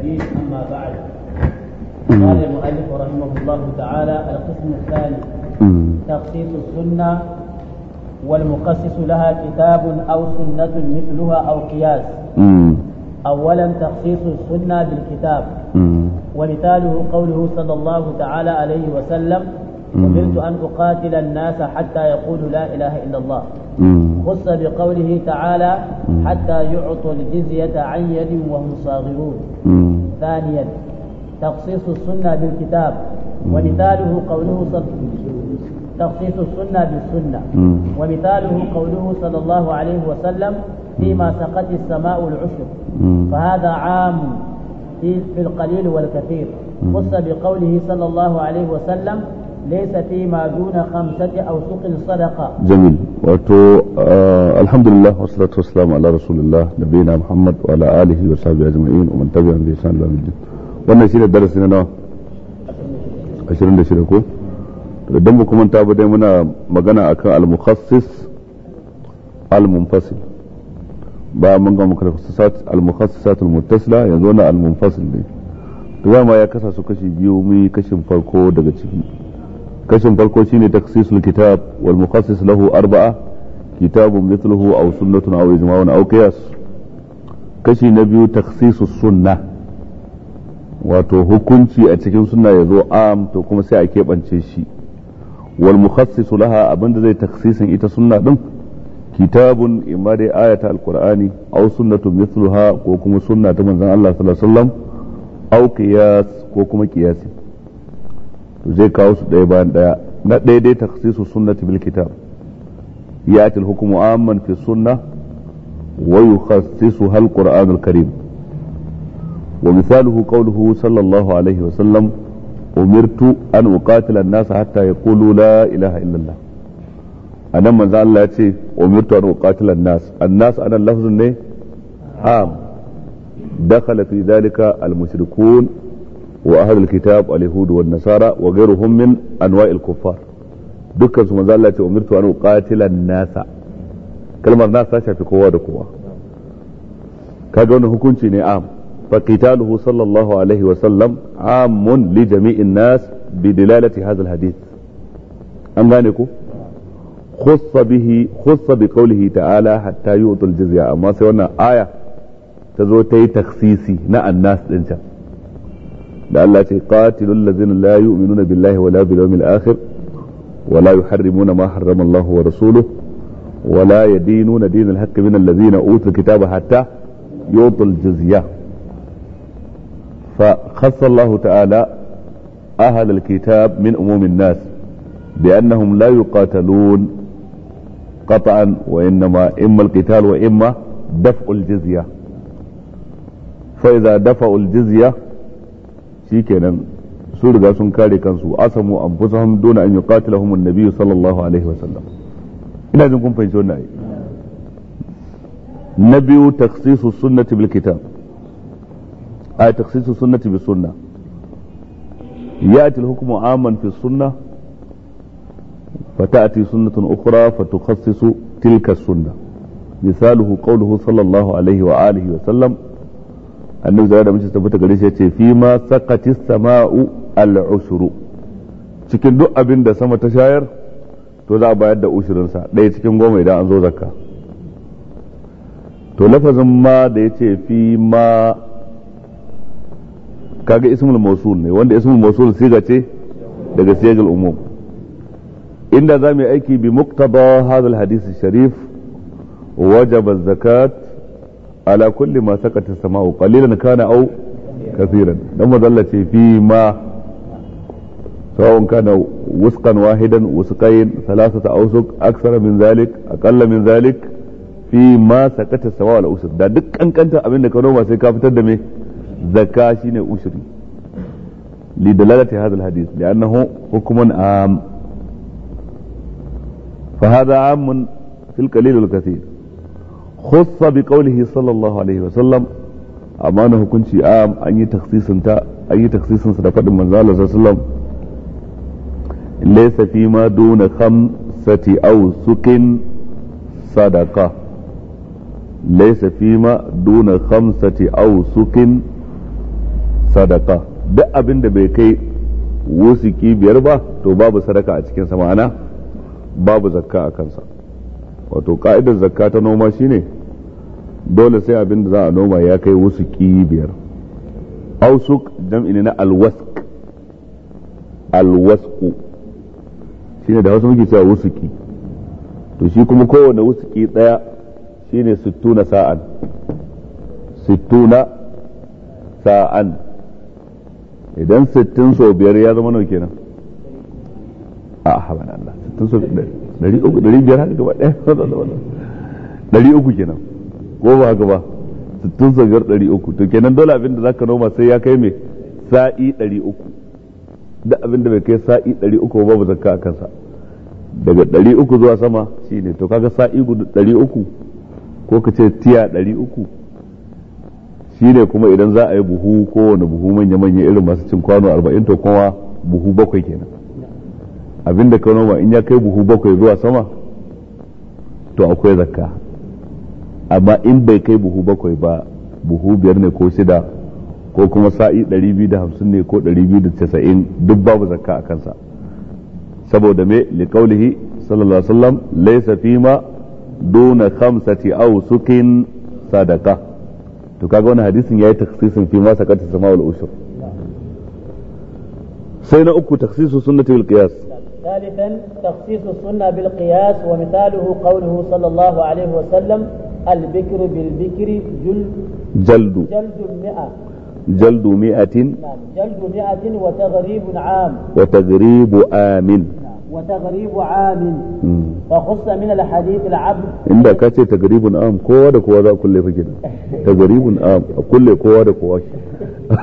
الحديث أما بعد قال المؤلف رحمه الله تعالى القسم الثاني تخصيص السنة والمقصص لها كتاب أو سنة مثلها أو قياس أولا تخصيص السنة بالكتاب ومثاله قوله صلى الله تعالى عليه وسلم أمرت أن أقاتل الناس حتى يقولوا لا إله إلا الله خص بقوله تعالى حتى يعطوا الجزية عن يد وهم صاغرون ثانيا تخصيص السنة بالكتاب ومثاله قوله صلى تخصيص السنة بالسنة ومثاله قوله صلى الله عليه وسلم فيما سقت السماء العشر فهذا عام في القليل والكثير خص بقوله صلى الله عليه وسلم ليس fi ma duna khamsati aw suqin جميل وتو wato الحمد لله wassalamu والسلام rasulillah رسول muhammad نبينا محمد وعلى wa وصحبه ajma'in ومن تبعهم tabi'ahum bi ihsan ila yawmiddin wannan shine darasi na nawa shirin ko idan ba kuma ta ba muna magana akan al-mukhassis al-munfasil ba mun ga mukhassisat al-mukhassisat al-muttasila yanzu wani al ne to ma ya kasa kashi biyu muyi kashin farko daga ciki kashin farko shine taksisul kitab wal mukhassis lahu arba'a kitabun mithluhu aw sunnatun aw ijma'un aw qiyas kashi na biyu taksisus sunna wato hukunci a cikin sunna ya zo am to kuma sai a keɓance shi wal mukhassisu laha abinda zai taksisin ita sunna din kitabun imma dai ayata alqur'ani aw sunnatun mithluha ko kuma sunna ta manzon Allah sallallahu alaihi wasallam aw qiyas ko kuma qiyasi zai kawo su ɗaya bayan ɗaya na ɗaya dai takhsisu sunnati bil kitab ya'ti al hukmu amman fi sunnah wa yukhassisuha al qur'an wa misaluhu qawluhu sallallahu alaihi wa sallam umirtu an uqatila an-nas hatta yaqulu la ilaha illallah. a anan manzo Allah ya ce umirtu an uqatila nas an-nas anan lafzun ne am dakhala fi dhalika al-mushrikun وأهل الكتاب اليهود والنصارى وغيرهم من أنواع الكفار dukkan su manzo Allah ce umirtu an uqatila nasa kalmar nasa shafi kowa da kowa kaga wannan hukunci ne am fa sallallahu alaihi wa sallam amun li jami'in nas bi dilalati hadha alhadith an gane ku khussa bihi khussa bi qawlihi ta'ala hatta yu'tul jizya amma sai wannan aya ta zo ta yi taksisi na annas din can التي قاتلوا الذين لا يؤمنون بالله ولا باليوم الآخر ولا يحرمون ما حرم الله ورسوله ولا يدينون دين الحق من الذين أوتوا الكتاب حتى يعطوا الجزية فخص الله تعالى أهل الكتاب من أموم الناس بأنهم لا يقاتلون قطعا وإنما إما القتال وإما دفع الجزية فإذا دفعوا الجزية shikenan sun riga sun kare kansu asamu anfusahum duna an yuqatilahum an-nabiy sallallahu alaihi wasallam ina jin kun fahimci wannan na biyu sunnati bil kitab a taksisu sunnati bis sunna ya'ti al-hukmu aman fi sunna فتأتي سنة فتخصص تلك مثاله قوله صلى الله عليه وسلم annabi zara da mace tabbata gare shi ya ce fi ma sakati sama'u al'ushuru cikin duk abin da sama ta shayar to za a bayar da ushirinsa ɗaya cikin goma idan an zo zakka to lafazin ma da ya ce fi ma kaga ismul mausul ne wanda ismul mausul siga ce daga siyagal umum inda za mu yi aiki bi muktaba hadal hadisi sharif wajaba zakat ala kulli ma sakata sama'u qalilan kana au kasiran dan mazalla ce fi ma sawa'un kana wusqan wahidan wusqayn thalathata awsuq aksara min zalik aqalla min zalik fi ma sakata sama'u al usr da duk kankanta abin da ka noma sai ka fitar da me zakka shine ushri لدلالة هذا الحديث لأنه حكم عام فهذا عام في القليل والكثير khussa bi qawlihi sallallahu alaihi wasallam amma na hukunci am an yi taksisin ta an yi taksisin sa da fadin manzo Allah sallallahu alaihi laysa fi ma duna khamsati aw sukin sadaqa laysa fi ma duna khamsati aw sukin sadaqa duk abinda bai kai wusuki biyar ba to babu sadaka a cikin sa ma'ana babu zakka a kansa wato ka'idar zakka ta noma shine dole sai abin da za a noma ya kai wasu biyar ausuk jam'i ne na alwask alwasku shine da wasu muke cewa wusuki to shi kuma kowane wusuki daya shine sittuna sa'an sittuna sa'an idan sittin so biyar ya zama nau kenan a ah, haɓar Allah sittin so biyar ɗari uku ɗari biyar haka gaba ɗaya ɗari uku kenan ko ba haka ba sittin sau biyar uku to kenan dole abin da zaka noma sai ya kai mai sa'i ɗari uku da abin da bai kai sa'i ɗari uku ba babu zakka a kansa daga ɗari uku zuwa sama shine to kaga sa'i gudu ɗari uku ko ka ce tiya ɗari uku shine kuma idan za a yi buhu kowane buhu manya-manya irin masu cin kwano arba'in to kuma buhu bakwai kenan abinda ka noma in ya kai buhu bakwai zuwa sama to akwai zakka amma in bai kai buhu bakwai ba buhu biyar ne ko shida ko kuma sa'i 250 ne ko 290 duk babu zakka a kansa saboda me liqaulihi sallallahu alaihi wasallam laysa fima duna khamsati aw sukin sadaka to kaga wannan hadisin yayi takhsisin fi ma sakata sama'ul ushur sai na uku takhsisu sunnati bil qiyas ثالثا تخصيص السنة بالقياس ومثاله قوله صلى الله عليه وسلم البكر بالبكر جلد جلد جلد مئة جلد مئة نعم جلد مئة وتغريب عام وتغريب آمن نعم، وتغريب عام وخص من الحديث العبد عندك كاتي تغريب عام كوا da كل فجر تغريب عام كل tagribun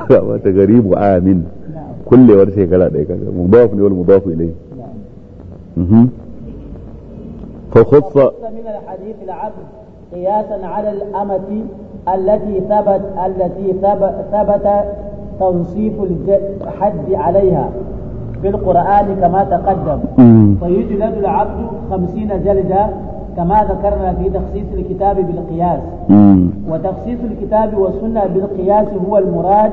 am تغريب عام نعم. كل ورثة كلا tagribu مضاف kullewar مضاف إليه فخص من الحديث العبد قياسا على الأمة التي ثبت التي ثبت تنصيف الحد عليها في القرآن كما تقدم فيجلد العبد خمسين جلدة كما ذكرنا في تخصيص الكتاب بالقياس وتخصيص الكتاب والسنة بالقياس هو المراد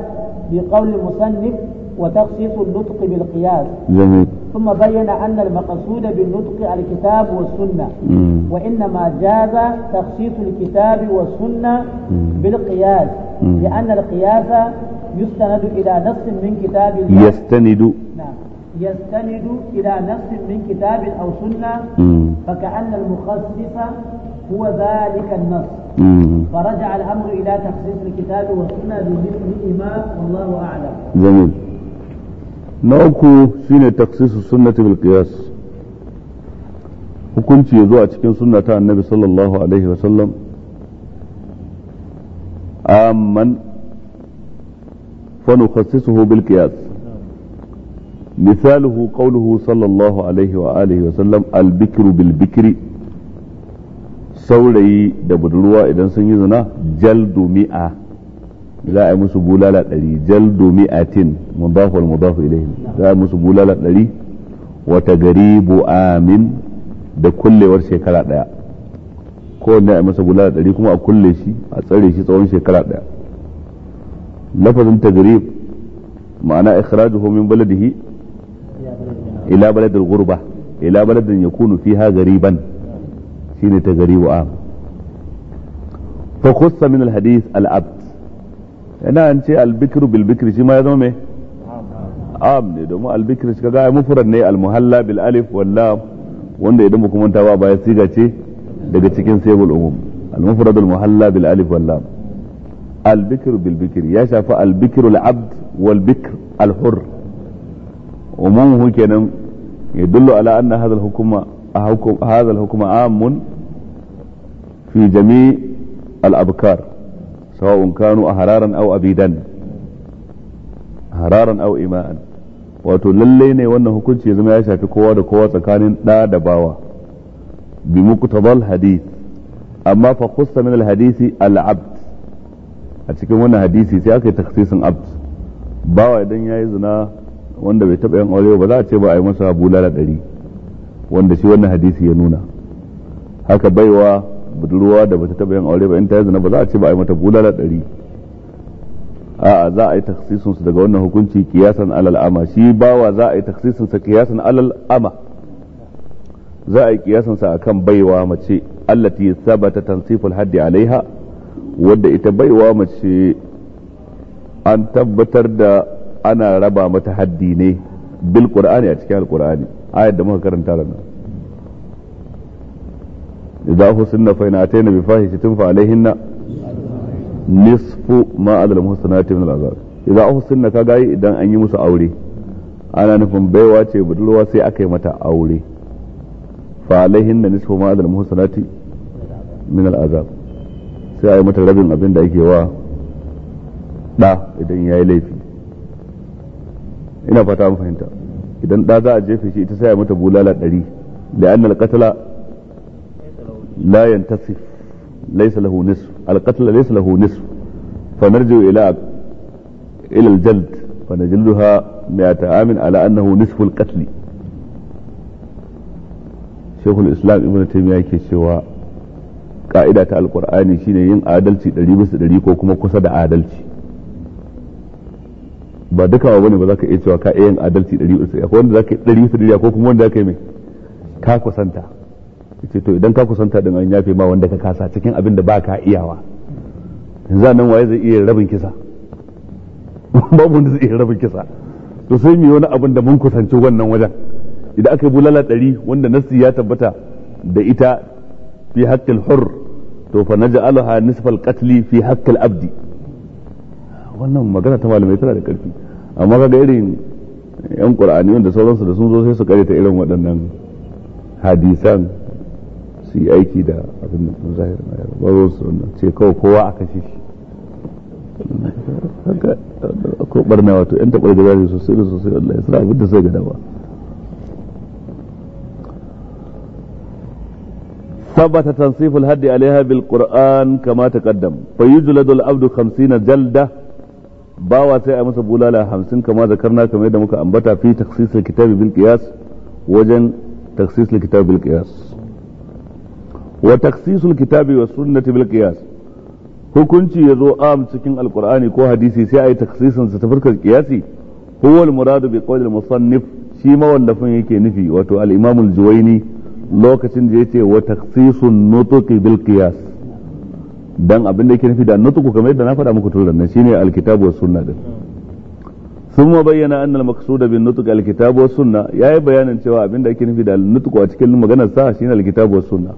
بقول المصنف وتخصيص النطق بالقياس جميل ثم بين أن المقصود بالنطق الكتاب والسنة مم. وإنما جاز تخصيص الكتاب والسنة مم. بالقياس مم. لأن القياس يستند إلى نص من كتاب الله يستند نعم يستند إلى نص من كتاب أو سنة فكأن المخصص هو ذلك النص فرجع الأمر إلى تخصيص الكتاب والسنة بمثلهما والله أعلم جميل na uku shine taksisu sunnati bil qiyas hukunci ya zo a cikin sunna annabi sallallahu alaihi wa sallam amman fa nukhassisuhu bil qiyas مثاله قوله صلى الله عليه وآله وسلم البكر بالبكر saurayi da budurwa idan sun yi zina jaldu mi'a za a yi musu bulala ɗari jaldu mi'atin mudafu wal mudafu ilayhim za a yi musu bulala ɗari wata garibu amin da kullewar shekara ɗaya kowanne a yi masa bulala ɗari kuma a kulle shi a tsare shi tsawon shekara ɗaya lafazin tagrib ma'ana ikhrajuhu min baladihi ila baladil ghurba ila baladin yakunu fiha gariban shine tagribu am fa khussa min al hadith al abd yana an ce albikiru bil shi ma ya zama mai am ne domin albikri shi kaga mufrad ne almuhalla muhalla bil alif wanda idan mu kuma tawa baya siga ce daga cikin sayyul umum al almuhalla al muhalla bil alif wal ya shafa albikiru bikru al abd wal bikr al hur umumuhu kenan يدل على hukuma هذا fi jami الحكم عام سواء كانوا أحرارا أو أبيدا أحرارا أو إماء wato lallai ne wannan hukunci ya zama ya shafi kowa da kowa tsakanin ɗa da bawa bi muqtadal hadith amma fa khussa min al hadisi al a cikin wannan hadisi sai aka yi takhsisin abd bawa idan yayi zina wanda bai taba yin aure ba za a ce ba a yi masa bulala ɗari wanda shi wannan hadisi ya nuna haka baiwa budurwa da bata taba yin aure ba in ta yi zina ba za a ce ba a yi mata bulala ɗari a'a za a yi taksisin daga wannan hukunci kiyasan alal ama shi bawa za a yi taksisin kiyasan alal ama za a yi kiyasansa a kan baiwa mace allati sabata tansiful haddi alaiha wadda ita baiwa mace an tabbatar da ana raba mata haddi ne bil qur'ani a cikin alqur'ani ayat da muka karanta ranar idza husinna fa in atayna bi fahishatin fa alaihinna nisfu ma alal muhsanati min al'azab idza husinna kaga idan an yi musu aure ana nufin baiwa ce budurwa sai aka yi mata aure fa alaihinna nisfu ma alal muhsanati min al'azab sai a mata rabin abin da ake wa da idan ya yi laifi ina fata an fahimta idan da za a jefe shi ita sai a mata bulala ɗari da annal qatala لا ينتصف ليس له نصف القتل ليس له نصف فنرجع إلى إلى الجلد فنجلدها مئة عام على أنه نصف القتل شيخ الإسلام ابن تيمية yake cewa ka'ida ta alkur'ani shine yin adalci دليب bisa ɗari ko kuma kusa ba duka wa ne ba za ka iya cewa ka iya yin adalci ɗari bisa ɗari akwai wanda za ka iya ɗari bisa ɗari ko kuma wanda za ka yi mai ka kusanta ce to idan ka kusanta din an yafe ma wanda ka kasa cikin abin da ba ka iyawa yanzu nan waye zai iya rabin kisa babu wanda zai iya rabin kisa to sai mu wani abin da mun kusanci wannan wajen idan aka yi bulala ɗari wanda nasi ya tabbata da ita fi haqqil hurr to fa naj'alaha nisfal qatli fi haqqil abdi wannan magana ta malamai tana da karfi amma kaga irin yan qur'ani wanda sauransu da sun zo sai su kare ta irin waɗannan hadisan su yi aiki da abin da sun zahiri na yaro ba ruwan su ce kawai kowa a kashe shi haka ko barna wato yan taɓar gaba ne sosai da sosai Allah ya sa abin da sai ga dama ثبت تنصيف الهد عليها بالقرآن كما تقدم فيجلد العبد خمسين جلدة باوة أمس بولالا خمسين كما ذكرنا كما يدمك أنبتا في تخصيص الكتاب بالقياس وجن تخصيص الكتاب بالقياس wa taksisul kitabi wa sunnati bil qiyas hukunci ya zo am cikin alqur'ani ko hadisi sai ayi taksisin sa ta fuskar qiyasi huwa al muradu bi qawl al musannif shi wallafin yake nufi wato al imam al juwaini lokacin da yace wa taksisun nutqi bil qiyas dan abin da yake nufi da nutqu kamar yadda na faɗa muku tun nan shine al kitab wa sunna din ثم bin أن al kitab wa sunna yayi bayanin cewa abin da yake nufi da nutqu a cikin maganar sa shine kitab wa sunna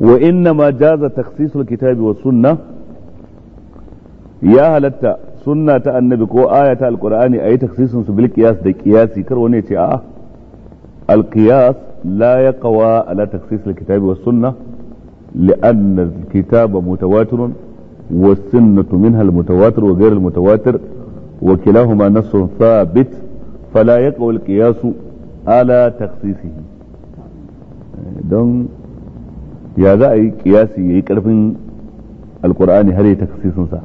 وإنما جاز تخصيص الكتاب والسنة يا هلتا سنة النبي كو آية القرآن أي تخصيص a yi دي su كروني تي آه القياس لا يقوى على تخصيص الكتاب والسنة لأن الكتاب متواتر والسنة منها المتواتر وغير المتواتر وكلاهما نص ثابت فلا يقوى القياس على تخصيصه دون ya za a yi kiyasi ya yi karfin alkur'ani har ya taksisin sa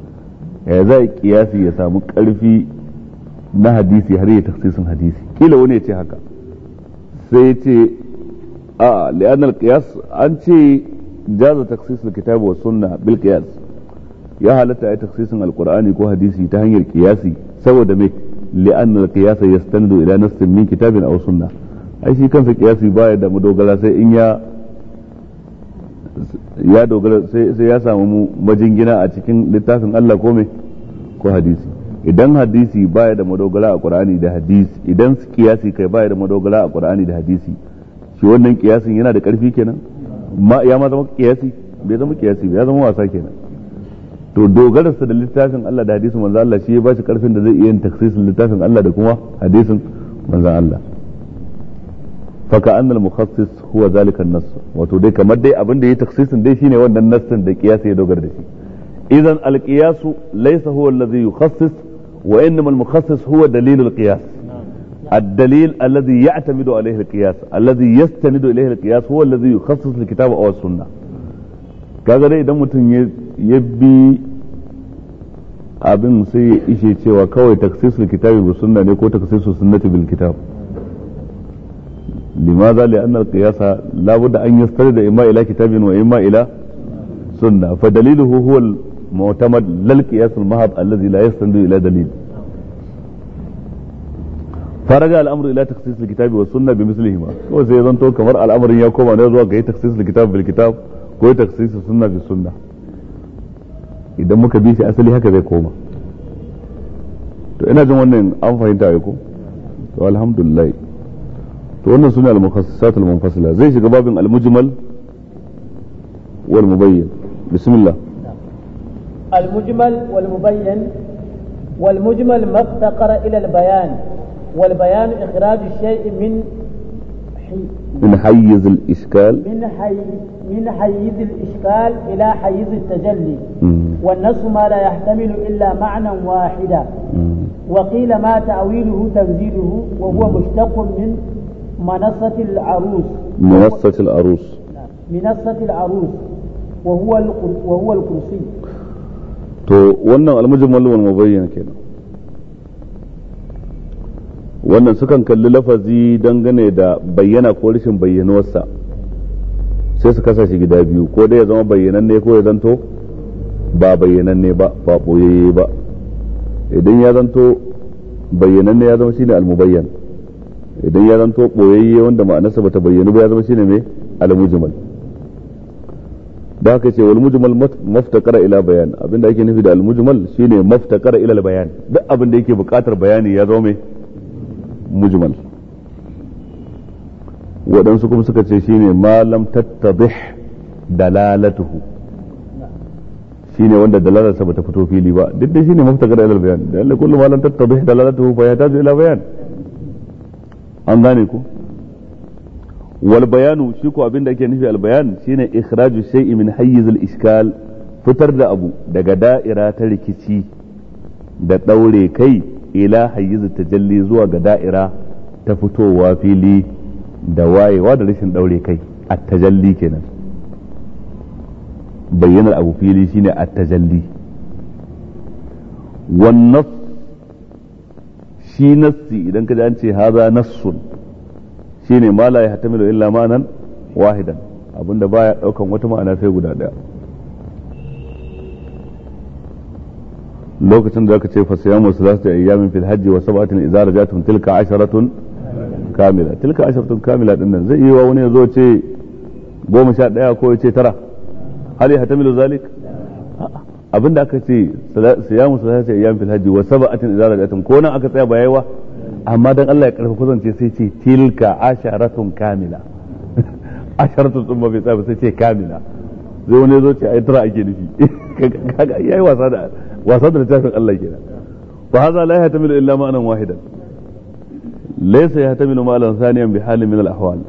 ya za a yi kiyasi ya samu karfi na hadisi har ya taksisin hadisi kila wani ya ce haka sai ya ce a li'an kiyas an ce jaza taksis kitabu wa sunna bil kiyas ya halatta ya taksisin alkur'ani ko hadisi ta hanyar kiyasi saboda me li'an alqiyas yastanidu ila nassin min kitabin wasu sunna ai shi kansa kiyasi baya da madogara sai in ya ya dogara sai ya samu majingina a cikin littafin Allah ko me ko hadisi idan hadisi baya da madogara a Qur'ani da hadisi idan kiyasi kai baya da madogara a Qur'ani da hadisi shi wannan kiyasin yana da karfi kenan ma ya ma zama kiyasi bai zama kiyasi ya zama wasa kenan to sa da littafin Allah da hadisin manzo Allah shi ya ba shi karfin da zai iya yin taksisin littafin Allah da kuma hadisin manzo Allah فكأن المخصص هو ذلك النص wato dai kamar dai abin da yi taksisin dai shine wannan nassin da kiyasi ya dogara da shi idan alqiyas laysa huwa alladhi yukhassis wa innama mukhassis huwa dalil alqiyas الدليل الذي يعتمد عليه القياس الذي يستند اليه القياس هو الذي يخصص الكتاب او السنه kaga dai idan mutum ya bi abin sai ya ishe cewa kawai taksisul kitabi bi sunna ne ko taksisul sunnati bil kitab لماذا لأن القياس لا بد أن يستند إما إلى كتاب وإما إلى سنة فدليله هو المعتمد لا القياس المهب الذي لا يستند إلى دليل فرجع الأمر إلى تخصيص الكتاب والسنة بمثلهما وزي زنتو كمر الأمر يكون أن يزوى كي تخصيص الكتاب بالكتاب كي تخصيص السنة بالسنة إذا مكبيش أسلي هكذا كوما to ina jin wannan an fahimta ko to alhamdulillah وهنا سمي المخصصات المنفصلة زي شكباب المجمل والمبين بسم الله المجمل والمبين والمجمل ما افتقر إلى البيان والبيان إخراج الشيء من حي من حيز الإشكال من, حي من حيز الإشكال إلى حيز التجلي والنص ما لا يحتمل إلا معنى واحدا وقيل ما تاويله تنزيله وهو مشتق من منصة العروس منصة العروس منصة العروس وهو وهو الكرسي to wannan almujmal wal mubayyin kenan wannan sukan kalli lafazi dangane da bayyana ko rashin bayyanuwarsa sai su kasa shi gida biyu ko dai ya zama bayyananne ko ya zanto ba bayyananne ba ba boyayye ba idan ya zanto bayyananne ya zama shine almubayyan idan ya zanto boyayye wanda ma'anarsa bata bayyana ba ya zama shine mai al-mujmal da haka ce wal mujmal maftaqara ila bayan abinda ake nufi da al mujmal shine maftaqara ila al bayan duk abinda yake buƙatar bayani ya zama mai mujmal waɗansu kuma suka ce shine ma lam tattadih dalalatuhu shine wanda dalalarsa bata fito fili ba duk da shine maftaqara ila al bayan da kullu ma lam tattadih dalalatuhu fa yahtaju ila bayan an gane ku wal bayanu shi ko abin da ake nufi al bayan shine ikhraju shay'in min hayyiz al iskal fitar da abu daga da'ira ta rikici da daure kai ila hayyiz tajalli zuwa ga da'ira ta fitowa fili da wayewa da rashin daure kai at tajalli kenan bayyanar abu fili shine at tajalli wan nass shi nassi idan ka ji an ce haza nassun shine ma la yahtamilu illa ma'anan wahidan abinda baya daukan wata ma'ana sai guda daya lokacin da aka ce fa su salasati ayyamin fil hajji wa sab'atin idza rajatun tilka asharatun kamila tilka asharatun kamila din nan zai yi wa wani yazo ce goma sha daya ko ya ce tara hal yahtamilu zalika abin da aka ce siyamu salasa ayyam fil hajji wa sab'atin idza rajatum ko nan aka tsaya ba yayi wa amma dan Allah ya karfa kuzance sai ce tilka asharatun kamila asharatun sun bai tsaya sai ce kamila zai wani zo ce ai tara ake nufi kaga yayi wasa da wasa da littafin Allah kenan fa hadha la yahtamilu illa ma'anan wahidan laysa yahtamilu ma'anan thaniyan bi halin min al ahwal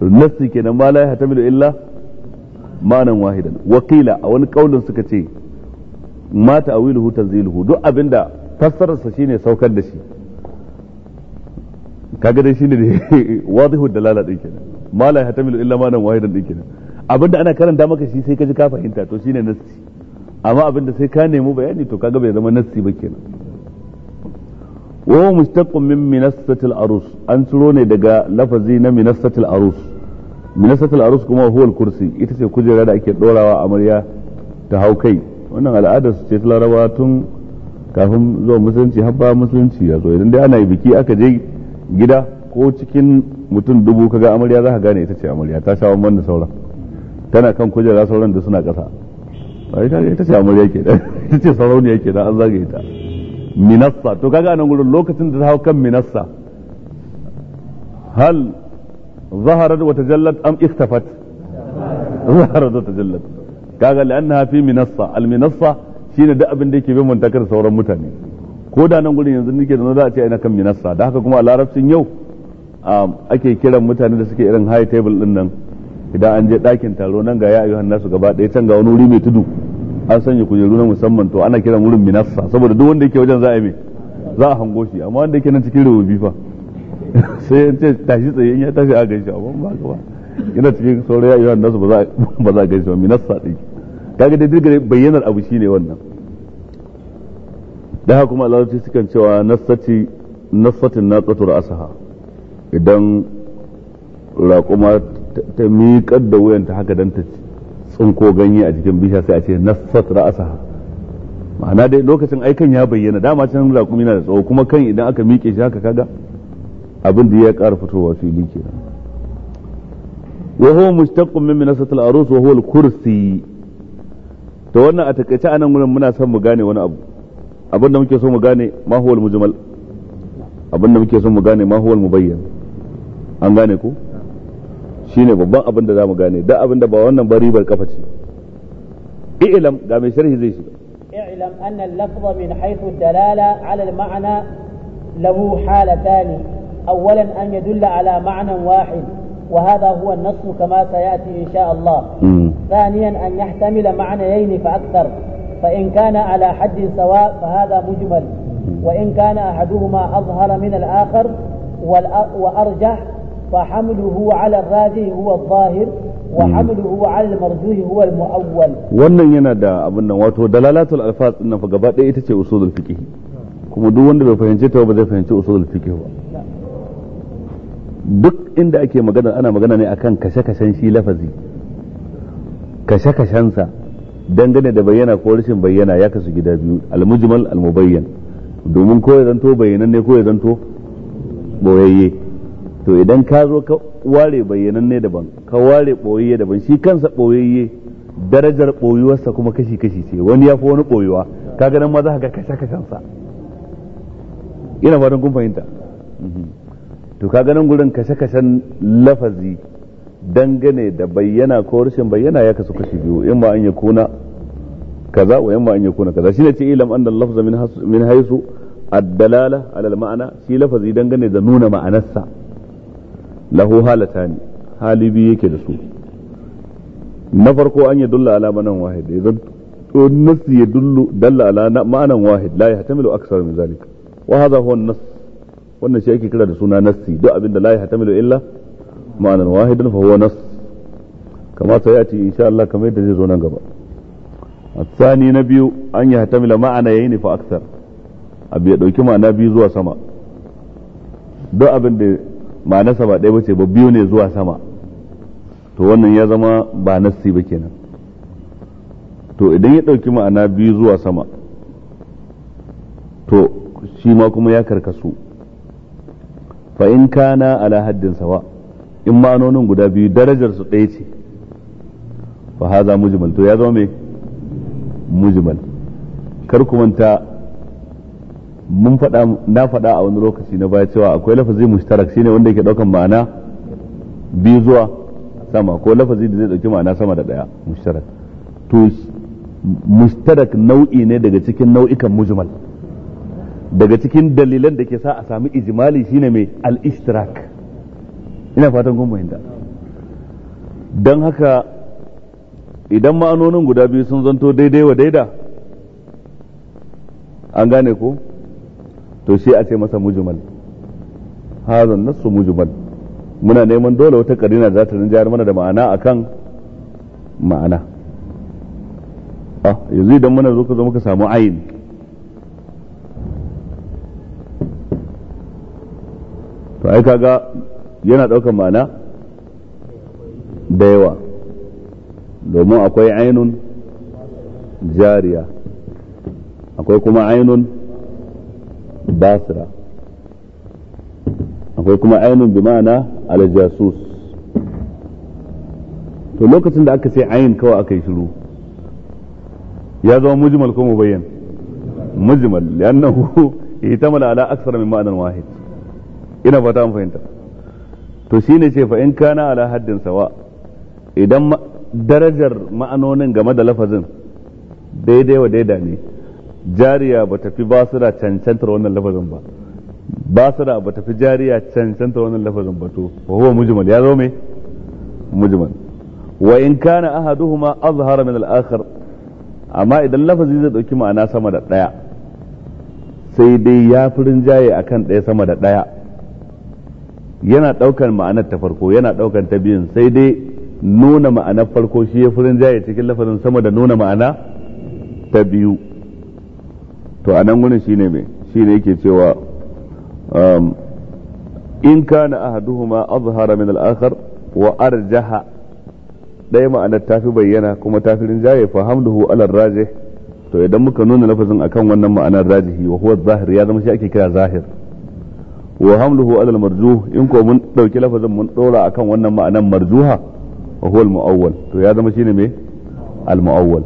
nafsi kenan ma la yahtamilu illa manan wahidan wakila a wani kaulin suka ce ma ta'awiluhu tanziluhu duk abinda fassararsa shine saukar da shi kaga dai shine wadihu dalala din kenan ma la yahtamilu illa manan wahidan din kenan abinda ana karanta maka shi sai ka ji ka fahimta to shine nassi amma abinda sai ka nemi bayani to kaga bai zama nassi ba kenan minassatil arus an منصة ne daga lafazi na minassatil arus. minasatul arus kuma huwa kursi ita ce kujera da ake dorawa amarya ta hau kai wannan al'ada su ce ta tun kafin zuwa musulunci har ba musulunci ya zo idan dai ana biki aka je gida ko cikin mutum dubu kaga amarya za ka gane ita ce amarya ta sha wannan da sauran tana kan kujera sauran da suna ƙasa ita ce amarya ke da ita ce sarauniya ke da an zage ta minassa to kaga nan gurin lokacin da ta hau kan minassa hal ظهرت وتجلت أم اختفت ظهرت وتجلت kaga لأنها في منصة المنصة shine duk abin da yake bin muntakar sauran mutane ko da nan gurin yanzu nake da za a ce ina kan minassa da haka kuma a larabcin yau um, ake kiran mutane da suke irin high table din nan idan an je dakin taro nan ga ya ayyuhan nasu gaba ɗaya can ga wani wuri mai tudu an sanya kujeru na musamman to ana kiran wurin minassa saboda duk wanda yake wajen za a yi za a hango shi amma wanda yake nan cikin rububi fa sai ya ce tashi tsaye ya tashi a gaishe amma ba ga ba yana cikin sauran ya yawan nasu ba za a gaishe ba minassa ɗin kaga dai dirgare bayyanar abu shine wannan da haka kuma larabci sukan cewa nassati nassatin na tsatura asaha idan raƙuma ta miƙar da wuyanta haka don ta tsinko ganye a jikin bisha sai a ce nassat ra'asaha ma'ana dai lokacin aikan ya bayyana dama can raƙumi na da tsawo kuma kan idan aka miƙe shi haka kaga abin da ya ƙara fitowa fili kenan wa huwa mushtaqqun min minasatil arus wa huwa al-kursi to wannan a takaice anan gurin muna son mu gane wani abu abin da muke so mu gane ma huwa al-mujmal abin da muke so mu gane ma huwa al-mubayyan an gane ko shine babban abin da zamu gane da abin da ba wannan ba ribar kafa ce i'lam ga mai sharhi zai shiga i'lam anna al-lafza min haythu ad-dalala ala al-ma'na lahu halatan أولا أن يدل على معنى واحد وهذا هو النص كما سيأتي إن شاء الله ثانيا أن يحتمل معنيين فأكثر فإن كان على حد سواء فهذا مجمل وإن كان أحدهما أظهر من الآخر وأرجح فحمله على الراجح هو الظاهر وحمله على المرجوح هو المؤول wannan ينادى da abin nan الألفاظ dalalatul alfaz din أصول الفقه gaba ɗaya ita ce usulul fiqh kuma duk wanda duk inda ake magana ana magana ne akan kashe-kashen shi lafazi kashe-kashensa dangane da bayyana ko rashin bayyana ya kasu gida biyu almujmal almubayyan domin ko ya zanto bayyananne ko ya zanto boyayye to idan ka zo ka ware bayyananne daban ka ware boyayye daban shi kansa boyayye darajar boyuwarsa kuma kashi-kashi ce wani ya fi wani boyuwa kaga nan ma za ka kashe-kashensa ina fatan kun fahimta mhm. to ka ganin gurin kashe-kashen lafazi dangane da bayyana ko rashin bayyana ya kasu kashi biyu in ma an ya kuna kaza wa in ma an ya kuna kaza shine ce ilam annal lafza min haisu ad-dalala ala al-ma'ana shi lafazi dangane da nuna ma'anarsa lahu halatani hali biyu yake da su na farko an ya dulla ala manan wahid idan to nas ya dullu dalla ala ma'anan wahid la yahtamilu aksar min zalika wa hadha huwa an-nass wannan shi ake kira da suna nassi duk abinda la tamilu illa ma'anan wahidan fa huwa nass kama sai ya ce insha Allah kamar yadda zai zo nan gaba na biyu an ya tamila ma'ana yayi ne fa aksar abu ya ɗauki ma'ana biyu zuwa sama duk abin da ma'ana sama ɗaya bace ba biyu ne zuwa sama to wannan ya zama ba nassi ba kenan to idan ya ɗauki ma'ana biyu zuwa sama to shi ma kuma ya karkasu fa in kana ala haddin sawa in ma'anonin guda biyu darajar su ɗaya ce fa haza mujmal to ya zama mai mujmal kar ku manta mun faɗa na faɗa a wani lokaci na baya cewa akwai lafazi mushtarak shine wanda yake ɗaukan ma'ana biyu zuwa sama ko lafazi da zai ɗauki ma'ana sama da ɗaya mushtarak to mushtarak nau'i ne daga cikin nau'ikan mujmal daga cikin dalilan da ke sa a sami ijimali shine mai al-ishtirak ina fatan kun fahimta don haka idan ma'anonin guda biyu sun zanto daidai wa daida an gane ko to shi a ce masa mujmal hazan nasu mujmal muna neman dole wata karina za ta rinjayar mana da ma'ana akan ma'ana ah, yanzu idan muna zo ka zo muka samu ayin to ai kaga yana ɗaukar ma'ana da yawa domin akwai ainun jariya akwai kuma ainun basira akwai kuma ainun bi ma'ana aljasus to lokacin da aka sai ayin kawai aka yi shiru ya zama mujmal ko mubayyan mujmal li'annahu ihtamala ala aksara min ma'anan wahid ina ba ta fahimta to shine ce fa in kana ala haddin sawa idan darajar ma'anonin game da lafazin daidai wa daida ne jariya ba ta fi basira cancantar wannan lafazin ba basira ba ta fi jariya cancantar wannan lafazin ba to fa huwa mujmal ya zo me mujmal wa in kana ahaduhuma azhara min al-akhar amma idan lafazi zai dauki ma'ana sama da daya sai dai ya furin jaye akan daya sama da daya yana ɗaukar ma'anar ta farko yana ɗaukar ta biyun sai dai nuna ma'anar farko shi ya furin jaye cikin lafazin sama da nuna ma'ana ta biyu to a nan shi shine mai shine yake cewa um, in ka na kana ahaduhuma azhara min al al'akar wa arjaha ɗaya ma'anar ta fi bayyana kuma tafi rinjaye fa hamduhu alar rajih to idan muka nuna lafazin akan wannan ma'anar rajihi wa huwa zahir ya zama shi ake kira zahir wa hamluhu alal marjuh in ko mun dauki lafazin mun dora akan wannan ma'anan marjuha wa huwa al muawwal to ya zama shine me al muawwal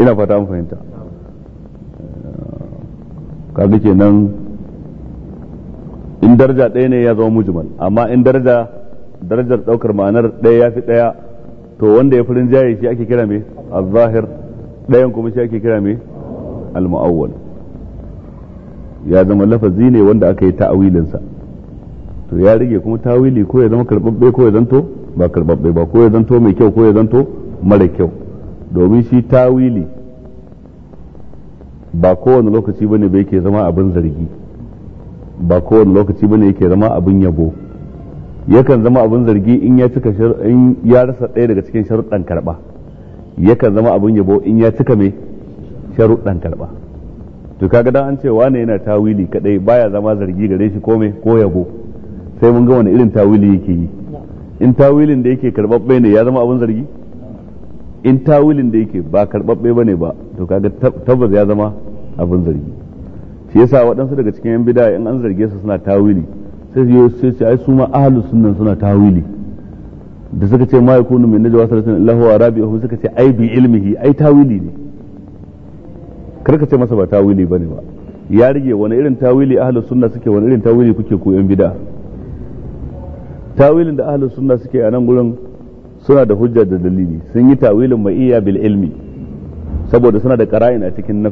ina fata mun fahimta eh, kaga kenan in daraja ɗaya ne ya zama mujmal amma in daraja darajar daukar ma'anar ɗaya ya fi ɗaya to wanda ya furin jaye shi ake kira me al-zahir ɗayan kuma shi ake kira me al muawwal ya zama lafazi ne wanda aka yi ta'awilinsa to ya rage kuma tawili ko ya zama karbabbe ko ya zanto ba karbabbe ba ko ya zanto mai kyau ko ya zanto mara kyau domin shi tawili ba kowane lokaci bane ba yake zama abin zargi ba kowane lokaci bane yake zama abin yabo yakan zama abin zargi in ya cika in ya rasa ɗaya daga cikin sharuɗan karɓa yakan zama abin yabo in ya cika mai sharuɗan karɓa to kaga dan an ce wane yana tawili kadai baya zama zargi gare shi ko ko yabo sai mun ga wani irin tawili yake yi in tawilin da yake karbabbe ne ya zama abin zargi in tawilin da yake ba karbabbe bane ba to kaga tabbas ya zama abin zargi shi yasa waɗansu daga cikin yan bid'a in an zarge su suna tawili sai su sai su ai su ma ahlus sunnan suna tawili da suka ce ma yakunu min najwa sallallahu alaihi wa rabi'uhu suka ce ai bi ilmihi ai tawili ne karka ce masa ba tawili bane ba ya rige wani irin tawili ahlus sunna suke wani irin tawili kuke ku yan bid'a tawilin da ahlus sunna suke a nan gurin suna da hujja da dalili sun yi tawilin mai iya bil ilmi saboda suna da qara'in a cikin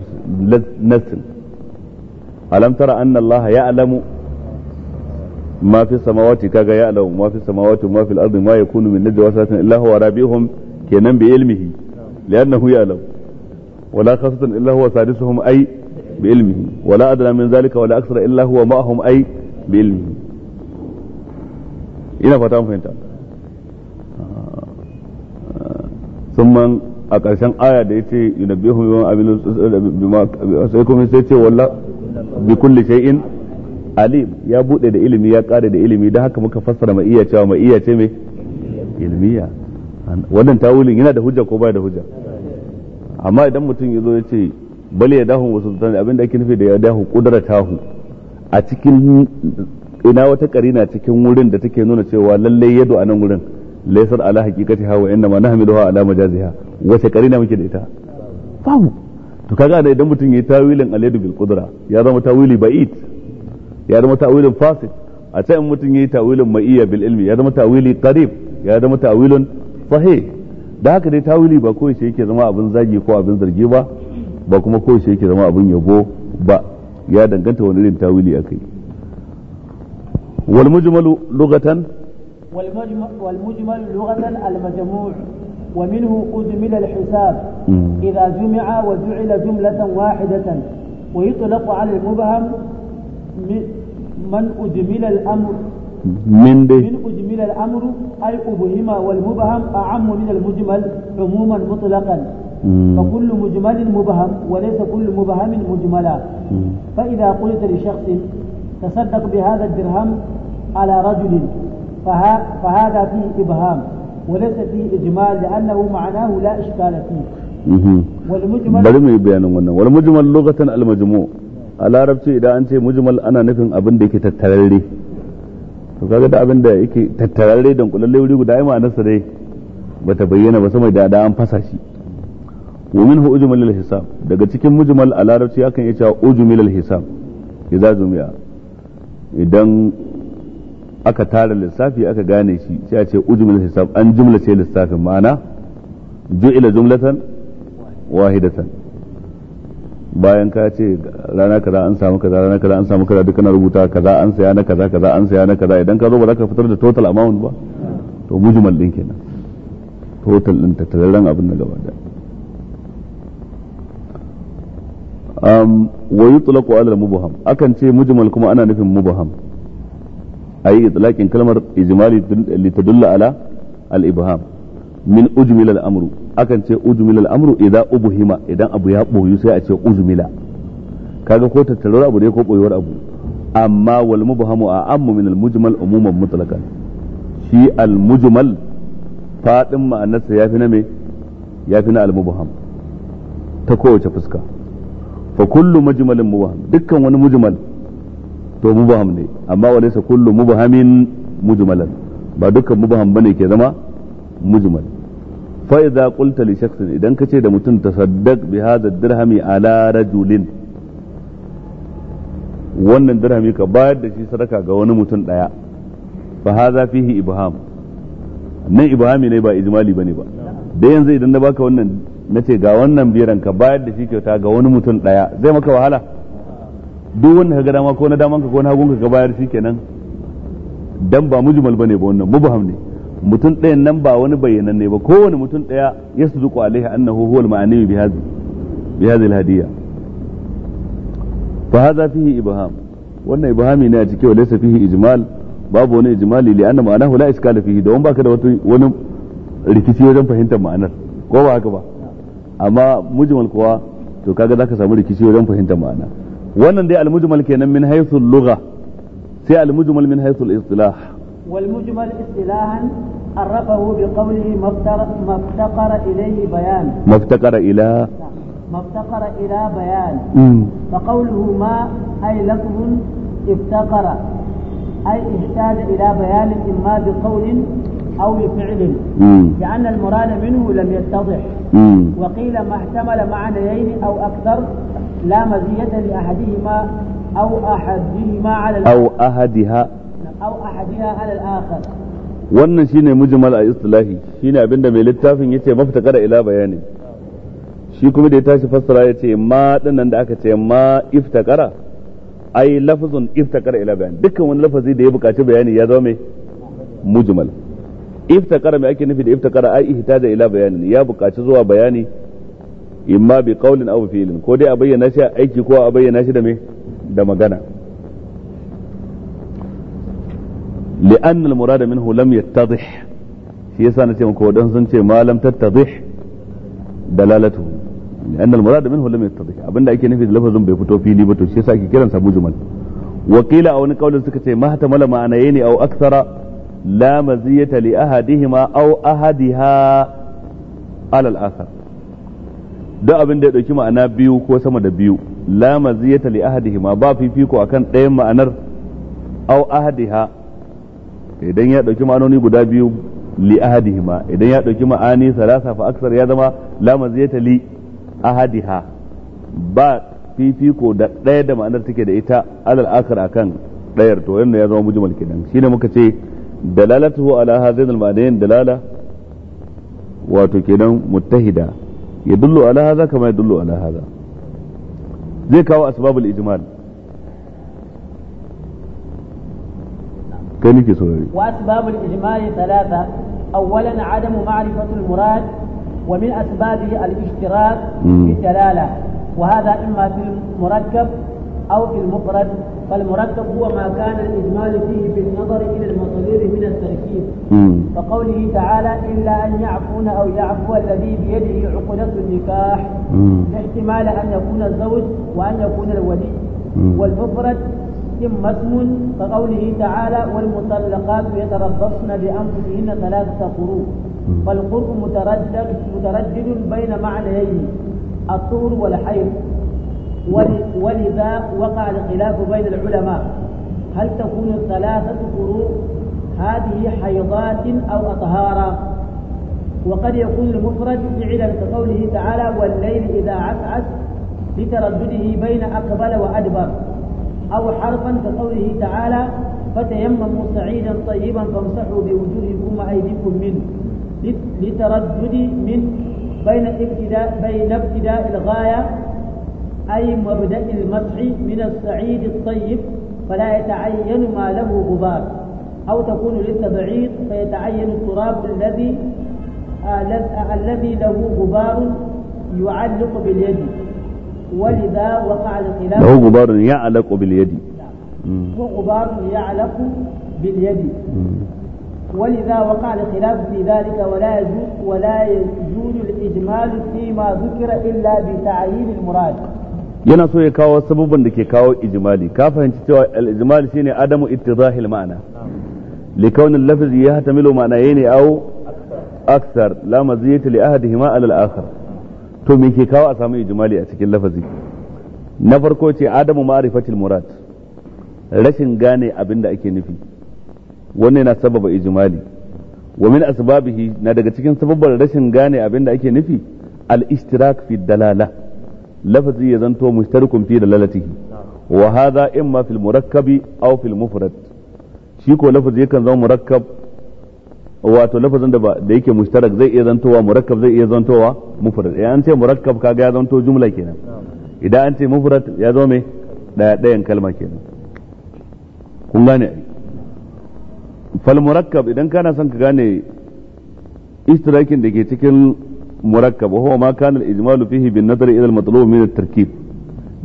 nassin alam tara anna allaha ya'lamu ما في السماوات كاغا يعلم ما في السماوات وما في الارض ما يكون من نجوى ثلاثه الا هو رابعهم كينان بعلمه لانه يعلم ولا خاصة إلا هو سادسهم أي بعلمه ولا أدنى من ذلك ولا أكثر إلا هو معهم أي بعلمه ina fata mun fahimta sun a ƙarshen aya da yace yunabbihum bima amilu sai kuma sai ce walla bi kulli shay'in ya bude da ilimi ya kare da ilimi dan haka muka fassara ma iya ma iya me ilmiya wannan tawulin yana da hujja ko baya da hujja amma idan mutum ya zo ya ce bali ya dahu wasu sultani abinda da ake nufi da ya dahu kudura tahu a cikin ina wata karina cikin wurin da take nuna cewa lalle yado a nan wurin laisar ala hakikati hawa inna ma nahmiluha ala majaziha wace karina muke da ita babu to kaga da idan mutum yayi tawilin alyadu bil qudra ya zama tawili ba'id ya zama tawilin fasid a can mutum yayi tawilin ma'iyya bil ilmi ya zama tawili qarib ya zama tawilun sahih da haka dai tawili ba ko shi yake zama abin zagi ko abin zargi ba ba kuma ko shi yake zama abin yabo ba ya danganta wani irin tawili akai wal mujmalu lugatan wal mujmal lughatan al majmu' wa minhu uzmila al hisab idha jumi'a wa ju'ila jumlatan wahidatan wa ويطلق على المبهم من أجمل الأمر من دي من أجمل الأمر أي أبهم والمبهم أعم من المجمل عموما مطلقا فكل مجمل مبهم وليس كل مبهم مجملا فإذا قلت لشخص تصدق بهذا الدرهم على رجل فها فهذا فيه إبهام وليس فيه إجمال لأنه معناه لا إشكال فيه والمجمل بل مي بيان والمجمل لغة المجموع a larabci idan an ce mujmal ana nufin abin da yake tattararre to kaga da abin da yake tattararre da kulalle wuri guda ai sa dai ta bayyana ba sama da an fasa shi wa minhu ujmal al hisab daga cikin mujmal a larabci akan iya cewa ujmal al hisab idza jumi'a idan aka tara lissafi aka gane shi sai a ce ujmal hisab an jumla ce lissafin ma'ana ju'ila jumlatan wahidatan bayan ka ce rana kaza an samu kaza rana kaza an samu kaza duka na rubuta kaza an saya na kaza kaza an saya na kaza idan ka zo ba za ka fitar da total amount ba to mujmal din kenan total din tattalin abin da gaba da um wa yutlaqu ala mubham akan ce mujmal kuma ana nufin mubham ayi itlaqin kalmar ijmali litadulla ala al ibham min ujmil al-amru akan ce ujmil al-amru idan ubuhima idan abu ya boyu sai a ce ujmila kaga ko tattarar abu ne ko boyuwar abu amma wal mubhamu a ammu min al-mujmal umuman mutlaqan shi al-mujmal fadin ma'anarsa yafi na me yafi na al-mubham ta kowace fuska fa kullu mujmalin mubham dukkan wani mujmal to mubham ne amma walaysa kullu mubhamin mujmalan ba dukkan mubham bane ke zama mujmal fa idza qulta li shakhsin idan kace da mutum tasaddaq bi hadha dirhami ala rajulin wannan dirhami ka bayar da shi sadaka ga wani mutum daya fa hadha fihi ibham nan ibhami ne ba ijmali bane ba da yanzu idan na baka wannan nace ga wannan biran ka bayar da shi kyauta ga wani mutum daya zai maka wahala duk wanda ka ga dama ko na damanka ko na hagunka ka bayar shi kenan dan ba mujmal bane ba wannan mubham ne mutum ɗayan nan ba wani bayyananne ba kowane mutum ɗaya ya su zuku alaihi annahu huwal ma'ani bi hadhi bi hadhihi alhadiyya fa hadha fihi ibham wannan ibhami ne a cikin wa laysa fihi ijmal babu wani ijmali li anna ma'anahu la iskal fihi don baka da wani rikici wajen fahimtar ma'anar ko ba haka ba amma mujmal kuwa to kaga zaka samu rikici wajen fahimtar ma'ana wannan dai al-mujmal kenan min haythu al-lugha sai al-mujmal min haythu al-istilah والمجمل اصطلاحا عرفه بقوله ما افتقر إليه بيان ما افتقر إلى نعم. ما افتقر إلى بيان فقوله ما أي لفظ افتقر أي احتاج إلى بيان إما بقول أو بفعل لأن المراد منه لم يتضح وقيل ما احتمل معنيين أو أكثر لا مزية لأحدهما أو أحدهما على أو أحدها أو أحدها على الآخر wannan shine mujmal a istilahi shine abinda mai littafin yace maftakara ila bayani shi kuma da ya tashi fassara yace ma dinnan da aka ce ma iftaqara ai lafzun iftaqara ila bayani dukkan wani lafazi da ya bukaci bayani ya zama mai mujmal iftaqara mai ake nufi da iftaqara ai ihtaja ila bayani ya bukaci zuwa bayani imma bi qaulin aw fi'lin ko dai a bayyana shi aiki ko a bayyana shi da me da magana li'anna al-murada minhu lam yattadih shi yasa nace muku wadan sun ce ma lam tattadih dalalatu li'anna al-murada minhu lam abinda ake nufi da lafazin bai fito fili ba to shi sa ake kiransa mujmal wa qila a wani kaulin suka ce mahtamala ma'anayni aw akthara la maziyata li abin da ya dauki ma'ana biyu ko sama da biyu la maziyata li ahadihima ba fifiko akan ɗayan ma'anar aw ahadiha idan ya dauki ma'anoni guda biyu li ahadihima idan ya dauki ma'ani salasa fa aksar ya zama la maziyata li ahadiha ba fifiko da ɗaya da ma'anar take da ita alal akar akan ɗayar to yanda ya zama mujmal kenan shine muka ce dalalatuhu ala hadhihi al-ma'anayn dalala wato kenan muttahida yadullu ala hadha kama yadullu ala hadha zai kawo asbabul ijmal كان يجي وأسباب الإجماع ثلاثة أولا عدم معرفة المراد ومن أسبابه الاشتراك في الدلالة وهذا إما في المركب أو في المفرد فالمركب هو ما كان الإجمال فيه بالنظر إلى المصادر من التركيب فقوله تعالى إلا أن يعفون أو يعفو الذي بيده عقدة النكاح احتمال أن يكون الزوج وأن يكون الولي والمفرد مسم كقوله تعالى والمطلقات يتربصن بأنفسهن ثلاثة قروء فالقرء متردد متردد بين معنيين الطهر والحيض ولذا وقع الخلاف بين العلماء هل تكون الثلاثة قروء هذه حيضات أو أطهارا وقد يكون المفرد فعلا كقوله تعالى والليل إذا عسعس لتردده بين أقبل وأدبر أو حرفا كقوله تعالى فتيمموا سعيدا طيبا فامسحوا بوجوهكم وأيديكم منه لتردد من بين ابتداء بين ابتداء الغاية أي مبدأ المسح من السعيد الطيب فلا يتعين ما له غبار أو تكون للتبعيض فيتعين التراب الذي آه، الذي له غبار يعلق باليد ولذا وقع الخلاف هو غبار يعلق باليد نعم. هو غبار يعلق باليد ولذا وقع الخلاف في ذلك ولا يجوز ولا يجوز الاجمال فيما ذكر الا بتعيين المراد yana so ya kawo sabubban da ke kawo ijimali ka fahimci cewa al-ijmali shine adamu ittizahil ma'ana lafzi لكون اللفظ يحتمل معنيين او اكثر لا مزيه لاحدهما al-akhar to me ke kawo a samu ijimali a cikin lafazi na farko ce adamu ma'rifatil murad rashin gane abin da ake nufi wannan na sababa ijimali wa min asbabihi na daga cikin sababbar rashin gane abin da ake nufi al ishtirak fi dalala lafazi ya zanto mushtarikun fi dalalatihi wa hadha imma fil murakkabi aw fil mufrad shi ko lafazi yakan zama murakkab wato lafazin da ba da yake mushtarak zai iya zantowa murakkab zai iya zantowa mufrad idan an ce murakkab kaga ya zanto jumla kenan idan an ce mufrad ya zo me daya dayan kalma kenan kun gane fal murakkab idan kana son ka gane istirakin da ke cikin murakkab huwa ma kana al ijmalu fihi bin nazari ila al matlub min at tarkib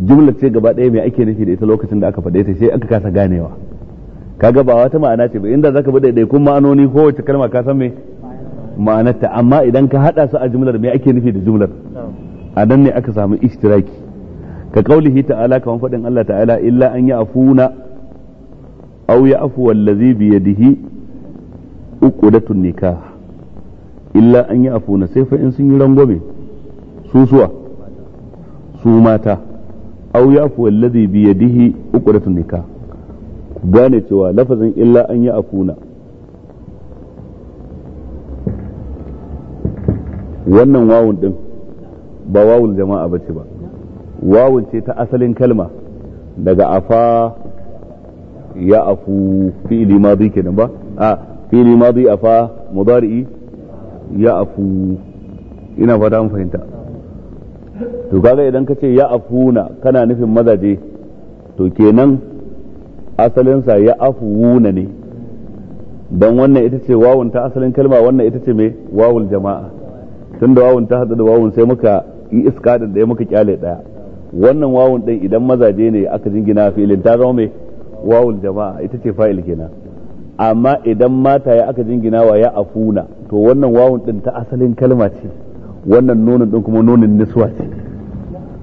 jumla ce gaba daya me ake nufi da ita lokacin da aka faɗe ta sai aka kasa ganewa kaga ba wata ma'ana ce ba inda zaka bi daidaikun ma'anoni kowace kalma ka san me ma'anarta amma idan ka hada su a jumlar me ake nufi da jumlar a nan ne aka samu ishtiraki ka kaulihi ta'ala kaman fadin Allah ta'ala illa an ya'funa aw ya'fu allazi bi yadihi uqdatun nikah illa an ya'funa sai fa in sun yi rangwame susuwa su mata aw ya'fu allazi bi yadihi uqdatun nikah gane cewa lafazin illa an yi afuna wannan wawun din ba wawul jama'a ce ba wawun ce ta asalin kalma daga afa ya afu fi'li madi kenan ba a fi'li madi afa mudari'i ya afu ina fata mun fahimta to kaga idan ka ce ya afuna kana nufin mazaje to kenan asalinsa ya afuuna ne don wannan ita ce wawun ta asalin kalma wannan ita ce mai wawul jama'a tun da wawun ta hada da wawun sai muka yi iskadin da ya muka kyale daya wannan wawun din idan mazaje ne aka jingina filin ta zama mai wawul jama'a ita ce fa'il kenan amma idan mata ya aka jingina wa ya afuna to wannan wawun din ta asalin kalma ce wannan nonin din kuma nonin niswa ce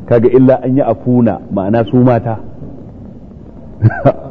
kaga illa an yi afuna ma'ana su mata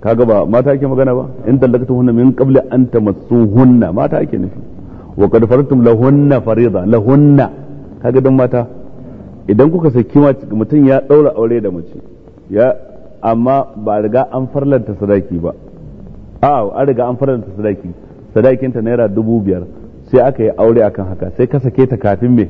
kaga ba mata ake magana ba in hunna min qabli an hunna mata ake nufi wa qad faratum lahunna farida lahunna kaga dan mata idan kuka saki mutum ya daura aure da mace ya amma ba riga an farlanta sadaki ba a an riga an farlanta sadaki sadakinta naira dubu biyar sai aka yi aure akan haka sai ka sake ta kafin me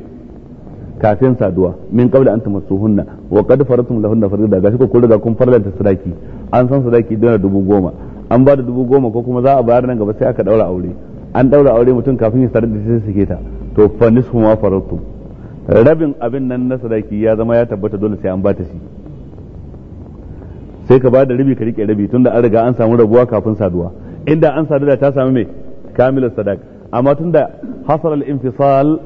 kafin saduwa min qabla an hunna wa qad faratum lahunna farida gashi ko kun riga kun farlanta sadaki an san sadaki dana dubu goma an ba da dubu goma ko kuma za a bayar nan gaba sai aka daura aure an daura aure mutum kafin ya sarar da sai suke ta to fa nisfu ma rabin abin nan na sadaki ya zama ya tabbata dole sai an ba ta shi sai ka ba da rabi ka rike rabi tunda an riga an samu rabuwa kafin saduwa inda an sadu da ta samu mai kamilar sadaka amma tunda hasar al-infisal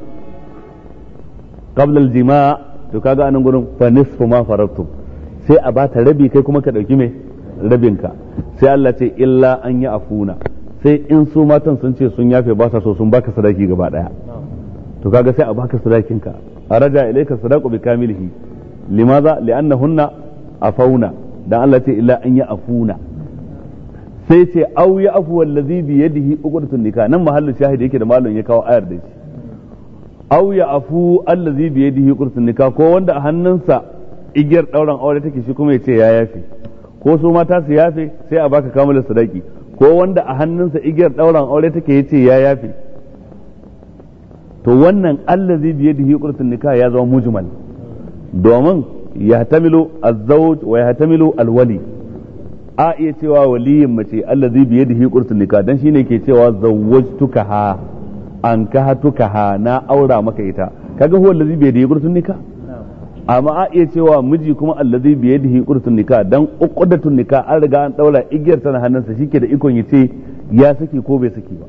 qabla al-jima to kaga anan gurin fa nisfu ma sai a ba ta rabi kai kuma ka dauki mai rabinka sai Allah ce illa an yi afuna sai in su matan sun ce sun yafe ba sa so sun baka sadaki gaba daya to kaga sai a baka ka a raja ilaika sadaqu bi kamilihi limaza li'annahunna afauna dan Allah ce illa an yi afuna sai ce au ya afu wallazi bi yadihi uqdatun nikah nan mahallin shahidi yake da malon ya kawo ayar da shi au ya afu allazi bi yadihi uqdatun nikah ko wanda a hannunsa igiyar dauran aure take shi kuma ya ce ya yafe ko su mata su yafe sai a baka kamalar sadaki ko wanda a hannunsa igiyar ɗauran aure take yace ya yafe to wannan allazi bi yadihi qurratun nikah ya zama mujmal domin ya az-zawj wa ya al-wali a iya cewa waliyin mace allazi bi yadihi qurratun nikah dan shine ke cewa zawwajtukaha ankahatukaha na aura maka ita kaga huwa allazi bi yadihi qurratun nikah amma a iya cewa miji kuma allazi bi yadihi qurtun nika dan uqdatun nika an riga an daura igiyar tana hannunsa shike da ikon yace ya saki ko bai saki ba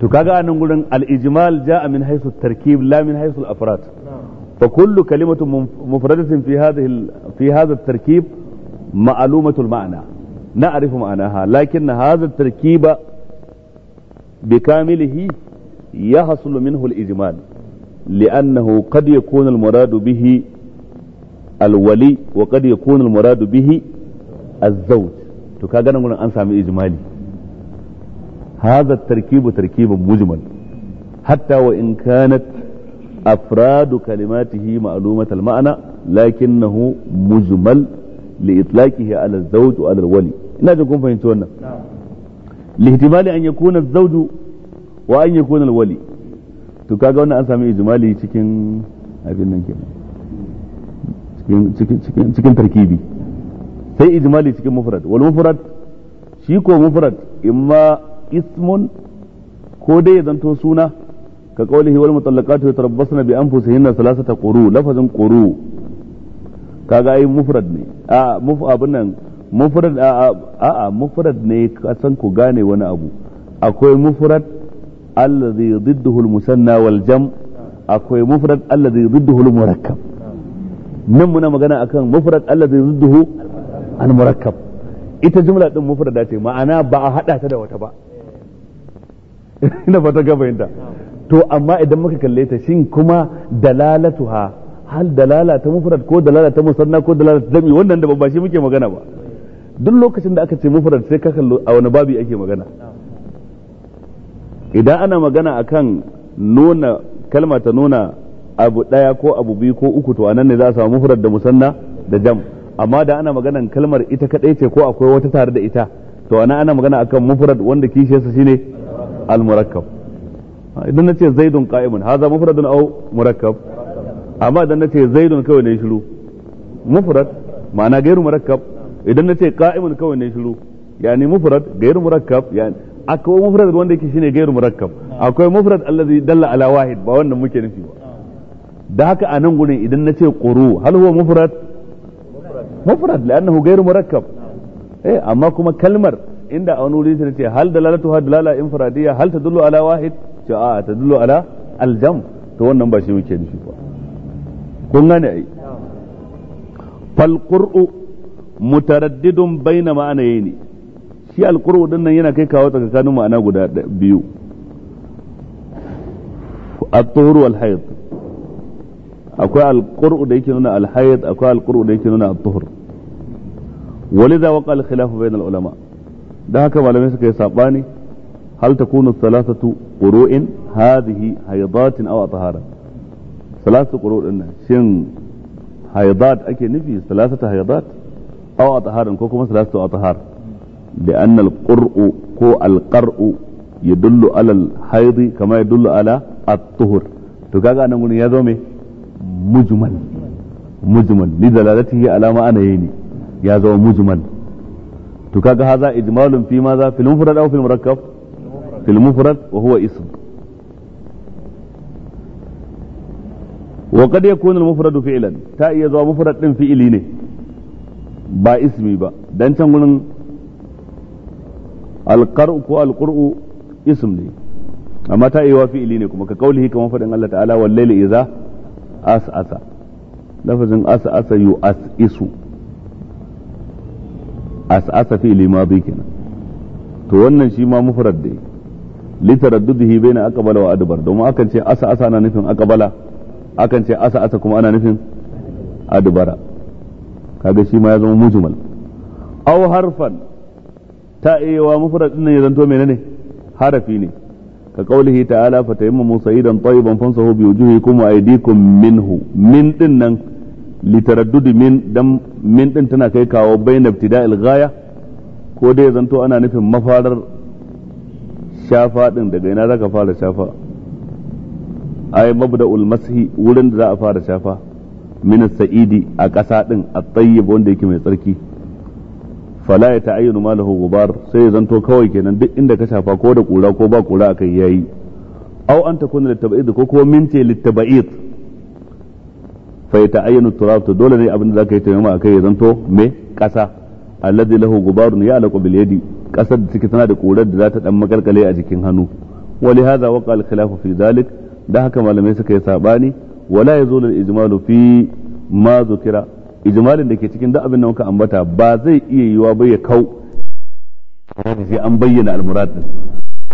to kaga anan gurin al ijmal jaa min haythu tarkib la min haythu al afrad fa kullu kalimatin mufradatin fi hadhihi fi hadha al tarkib ma'lumatul ma'na na'rifu ma'naha lakin hadha al tarkiba bikamilihi yahsul minhu al ijmal لأنه قد يكون المراد به الولي وقد يكون المراد به الزوج to ka ganin an sami ijmali hadha tarkibu tarkibun mujmal hatta wa in kanat afradu kalimatihi ma'lumat al-ma'na lakinnahu mujmal li itlaqihi ala az-zawj wa al-wali ina jin kun fahimci wannan wa al-wali to kaga wannan an sami ijimali cikin abin nan kenan cikin cikin tarkibi sai ijimali cikin mufrad wal mufrad shi ko mufrad imma ismun ko dai ya zanto suna ka kaulihi wal mutallaqatu yatarabbasna bi anfusihinna thalathata quru lafazin quru kaga ai mufrad ne a muf abin nan mufrad a a mufrad ne ka san ku gane wani abu akwai mufrad allazi didduhu al-musanna wal jam akwai mufrad allazi didduhu al-murakkab nan muna magana akan mufrad allazi didduhu al-murakkab ita jumla din mufrada ce ma'ana ba a hada ta da wata ba ina fata ga bayanta to amma idan muka kalle ta shin kuma dalalatuha hal dalala ta mufrad ko dalala ta musanna ko dalala ta jami wannan da ba shi muke magana ba duk lokacin da aka ce mufrad sai ka kallo a wani babi ake magana idan ana magana akan nuna kalma ta nuna abu ɗaya ko abu biyu ko uku to anan ne za a samu mufrad da musanna da jam amma da ana maganan kalmar ita kadai ce ko akwai wata tare da ita to anan ana magana akan mufrad wanda kishiyarsa shine al murakkab idan nace zaidun qa'imun haza mufradun aw murakkab amma idan nace zaidun kawai ne shiru mufrad ma'ana gairu murakkab idan nace qa'imun kawai ne shiru yani mufrad gairu murakkab yani akwai mufrad wanda yake shine gairu murakkab akwai mufrad allazi dalla ala wahid ba wannan muke nufi ba da haka a nan gurin idan nace quru hal huwa mufrad mufrad lannahu gairu murakkab eh amma kuma kalmar inda a wani wuri sai ce hal dalalatu hal dalala infradiyya hal tadullu ala wahid to a tadullu ala aljam to wannan ba shi muke nufi ba kun gane ai fal qur'u mutaraddidun bayna ma'anayni shi alkur'u din nan yana kai kawo tsakanin ma'ana guda biyu at-tuhur wal hayd akwai alqurbu da yake nuna al-hayd akwai alqurbu da yake nuna at-tuhur ولذا وقع الخلاف بين العلماء ده haka malamai suka yi sabani hal takunu thalathatu قروء هذه هيضات أو أطهارة ثلاثة قروء إن شن ake nufi نفي ثلاثة هيضات أو ko kuma ثلاثة أطهار لأن القرء كو القرء يدل على الحيض كما يدل على الطهر تكاغا نقول يا ذومي مجمل مجمل لدلالته على ما أنا يني يا ذو مجمل تكاغا هذا إجمال في ماذا في المفرد أو في المركب في المفرد وهو اسم وقد يكون المفرد فعلا تأي يزوى مفرد mufrad din با اسمي با دانشان ba alqar'u ko alqur'u ism ne amma ta wa fi'ili ne kuma ka kaulihi kamar faɗin Allah ta'ala wal layli idza as'asa lafazin as'asa yu'as'isu as'asa fi'ili bi kenan to wannan shi ma mufrad ne litaraddudihi baina aqbala wa adbar domin akan ce as'asa ana nufin aqbala akan ce as'asa kuma ana nufin adbara kaga shi ma ya zama mujmal aw harfan ta iyawa mufrad din ya zanto menene harafi ne ka kaulihi ta'ala fa tayammamu sa'idan tayyiban fansahu bi wujuhikum wa aydikum minhu min din nan litaraddud min dan min din tana kai kawo bainab tida'il ghaya ko dai ya zanto ana nufin mafarar shafa din daga ina zaka fara shafa ay mabda'ul mashi wurin da za a fara shafa min saidi a ƙasa din at-tayyib wanda yake mai tsarki fala ya ta'ayyanu ma gubar sai ya zanto kawai kenan duk inda ka shafa ko da kura ko ba kura aka yayi aw an takuna litaba'id ko kuma minti litaba'id fa ya ta'ayyanu turab to dole ne abin da zaka yi tayyama akai ya zanto me kasa alladhi lahu gubarun ya'laqu bil yadi kasar da take tana da kurar da za ta dan makalkale a jikin hannu wa li hadha waqa al khilafu fi da haka malamai suka yi sabani wala yazulu al ijmalu fi ma zukira ijmalin da ke cikin duk abin da muka ambata ba zai iya yiwa ba ya kau sai an bayyana al-murad din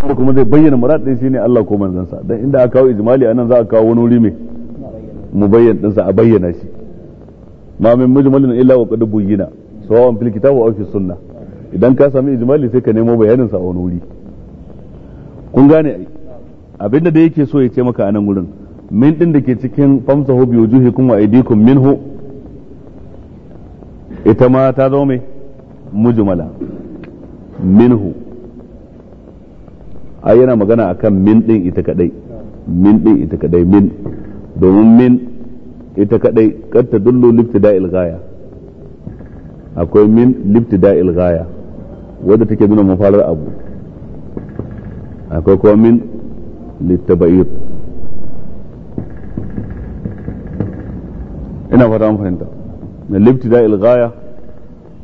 kuma kuma zai bayyana murad din shine Allah ko manzansa dan inda aka kawo ijmali anan za a kawo wani wuri mai mubayyan din sa a bayyana shi ma min mujmalin illa wa qad buyyina sawa'un fil kitabi aw fi sunna idan ka sami ijmali sai ka nemo bayanin sa a wani wuri kun gane ai abinda da yake so ya ce maka anan gurin min din da ke cikin famsa bi wujuhikum wa aydikum minhu ita ma ta zo mai mujmala minhu ai yana magana akan min din ita kadai min din ita kadai min domin min ita kadai kad ta dullu liftida'il ghaya akwai min liftida'il ghaya wadda take nuna mafarar abu akwai kuma min littaba'ir ina fata an fahimta na libtida ilgaya